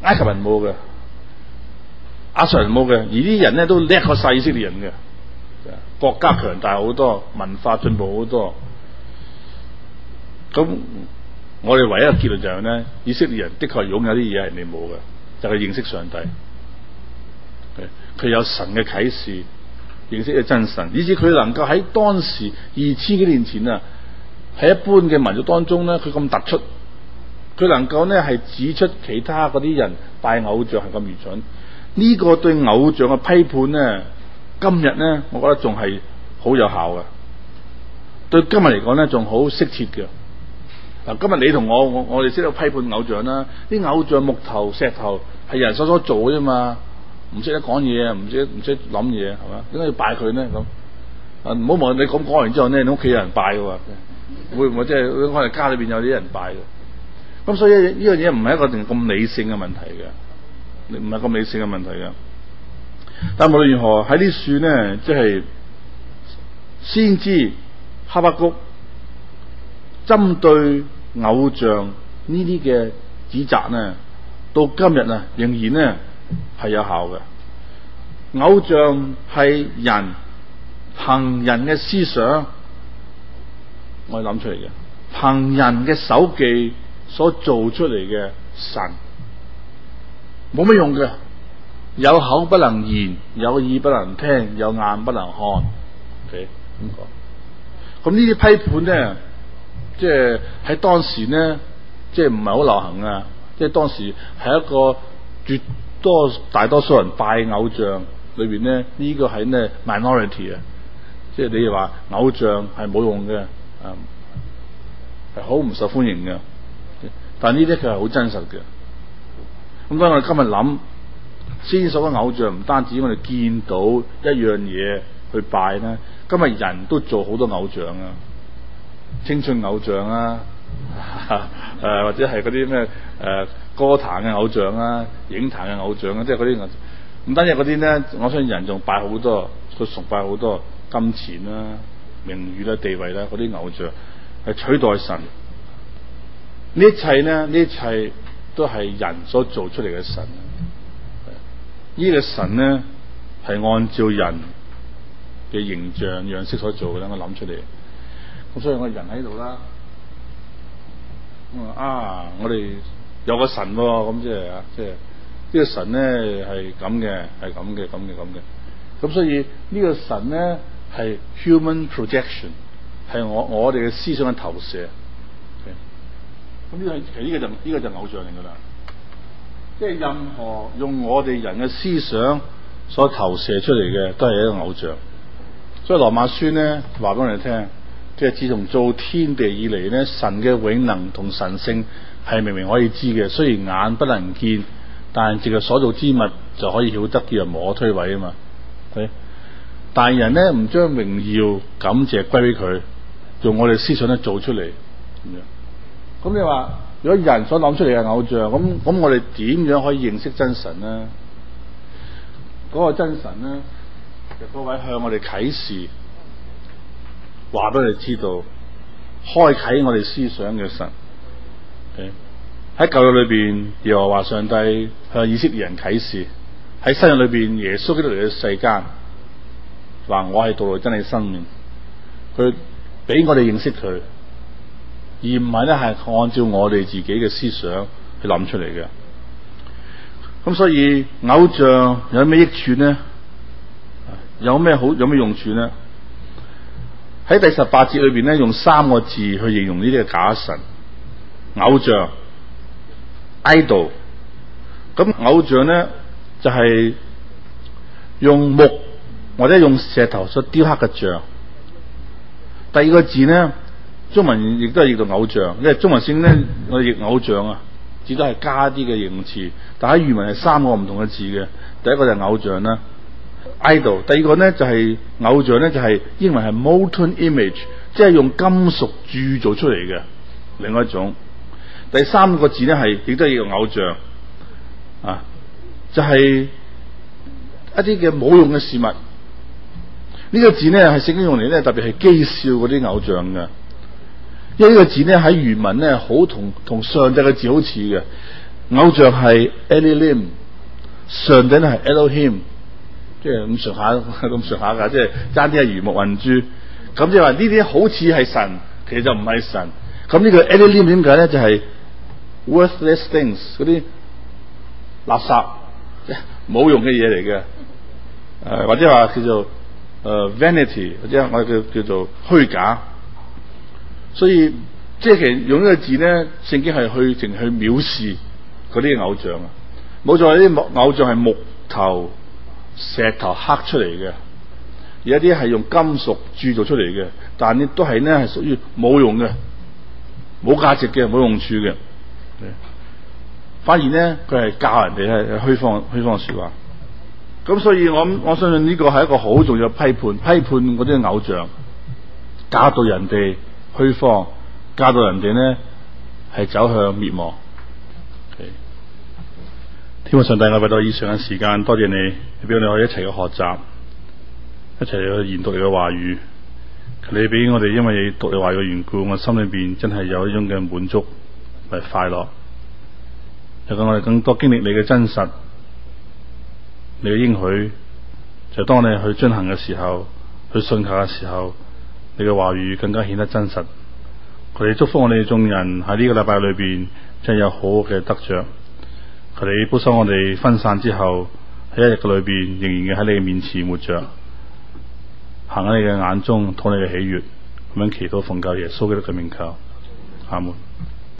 埃及人冇嘅，亞述人冇嘅，而啲人咧都叻過細以色列人嘅，國家強大好多，文化進步好多。咁我哋唯一嘅結論就係咧，以色列人的確係擁有啲嘢係你冇嘅，就係、是、認識上帝，佢有神嘅啟示，認識嘅真神。以致佢能夠喺當時二千幾年前啊，喺一般嘅民族當中咧，佢咁突出。佢能夠咧係指出其他嗰啲人拜偶像係咁愚蠢，呢個對偶像嘅批判咧，今日咧，我覺得仲係好有效嘅，對今日嚟講咧仲好適切嘅。嗱，今日你同我，我我哋識得批判偶像啦，啲偶像木頭石頭係人手所做嘅啫嘛，唔識得講嘢，唔識唔識諗嘢，係咪啊？點解要拜佢咧咁？啊，唔好望你咁講完之後咧，你屋企有人拜嘅喎，會唔會即係可能家裏邊有啲人拜嘅？咁、嗯、所以呢樣嘢唔係一個定咁理性嘅問題嘅，你唔係個理性嘅問題嘅。但無論如何喺啲書呢，即係先知哈巴谷針對偶像呢啲嘅指責呢，到今日咧仍然呢係有效嘅。偶像係人憑人嘅思想，我哋諗出嚟嘅，憑人嘅手記。所做出嚟嘅神冇乜用嘅，有口不能言，有耳不能聽，有眼不能看。OK，咁講，咁呢啲批判咧，即係喺當時咧，即係唔係好流行啊！即係當時係一個絕多大多數人拜偶像裏邊咧，這個、呢個係咩 minority 啊？Minority，即係你話偶像係冇用嘅，係好唔受歡迎嘅。但呢啲佢係好真實嘅。咁所以我哋今日諗，先所嘅偶像唔單止我哋見到一樣嘢去拜咧，今日人都做好多偶像啊，青春偶像啊，誒、啊、或者係嗰啲咩誒歌壇嘅偶像啊、影壇嘅偶像啊，即係嗰啲偶像，唔單止嗰啲咧，我相信人仲拜好多，佢崇拜好多金錢啦、啊、名譽啦、啊、地位啦嗰啲偶像，係取代神。呢一切呢呢一切都係人所做出嚟嘅神。呢個神呢係按照人嘅形象、樣式所做嘅，等我諗出嚟。咁所以我人喺度啦。啊，我哋有個神咁即係啊，即係呢個神呢係咁嘅，係咁嘅，咁嘅，咁嘅。咁所以呢個神呢係 human projection，係我我哋嘅思想嘅投射。咁呢個呢個就呢個就偶像嚟噶啦，即係任何用我哋人嘅思想所投射出嚟嘅，都係一個偶像。所以羅馬書咧話俾我哋聽，即係自從造天地以嚟咧，神嘅永能同神性係明明可以知嘅，雖然眼不能見，但係藉着所造之物就可以曉得，叫人無可推諉啊嘛。係，但係人咧唔將榮耀感謝歸俾佢，用我哋思想咧做出嚟咁樣。咁你話，如果人所諗出嚟嘅偶像，咁咁我哋點樣可以認識真神咧？嗰個真神咧，嘅各位向我哋啟示，話俾我哋知道，開啟我哋思想嘅神。誒、okay？喺舊約裏邊，耶和華上帝向以色列人啟示；喺新約裏邊，耶穌基督嚟到世間，話我係道路真理生命，佢俾我哋認識佢。而唔係咧，係按照我哋自己嘅思想去諗出嚟嘅。咁所以偶像有咩益處咧？有咩好？有咩用處咧？喺第十八節裏邊咧，用三個字去形容呢啲嘅假神偶像 idol。咁偶像咧就係用木或者用石頭所雕刻嘅像。第二個字咧。中文亦都係譯做偶像，因為中文性咧，我哋譯偶像啊，只都係加啲嘅形容詞。但喺語文係三個唔同嘅字嘅。第一個就係偶像啦，idol。Dle, 第二個咧就係、是、偶像咧，就係、是、英文係 molten image，即係用金屬鑄造出嚟嘅另外一種。第三個字咧係亦都係譯做偶像啊，就係、是、一啲嘅冇用嘅事物。呢、這個字咧係聖經用嚟咧，特別係譏笑嗰啲偶像嘅。因呢個字咧喺原文咧好同同上帝嘅字好似嘅，偶像係 elilim，上帝咧係 Elohim，即係咁上下，咁上下噶，即係爭啲係魚目混珠。咁即係話呢啲好似係神，其實就唔係神。咁呢個 elilim 點解咧？就係、是、worthless things 嗰啲垃圾、冇用嘅嘢嚟嘅，誒、呃、或者話叫做誒、呃、vanity 或者我叫叫做虛假。所以即係其實用呢個字咧，聖經係去淨去藐視嗰啲偶像啊！冇錯，有啲偶像係木頭、石頭刻出嚟嘅，而一啲係用金屬鑄造出嚟嘅，但係都係咧係屬於冇用嘅、冇價值嘅、冇用處嘅。反而咧佢係教人哋係虛妄、虛妄說話。咁所以我諗我相信呢個係一個好重要嘅批判，批判啲偶像，假到人哋。虛放，加到人哋呢，係走向滅亡。天、okay。父上帝，我為到以上嘅時間，多謝你俾我哋可以一齊去學習，一齊去研讀你嘅話語。你俾我哋，因為你讀你話語嘅緣故，我心裏邊真係有一種嘅滿足同埋快樂。就咁，我哋更多經歷你嘅真實，你嘅應許。就是、當你去遵行嘅時候，去信求嘅時候。你嘅話語更加顯得真實。佢哋祝福我哋眾人喺呢個禮拜裏邊真係有好嘅得着。佢哋保守我哋分散之後喺一日嘅裏邊仍然要喺你嘅面前活着，行喺你嘅眼中討你嘅喜悅。咁樣祈禱奉教耶穌基督嘅名求，阿門。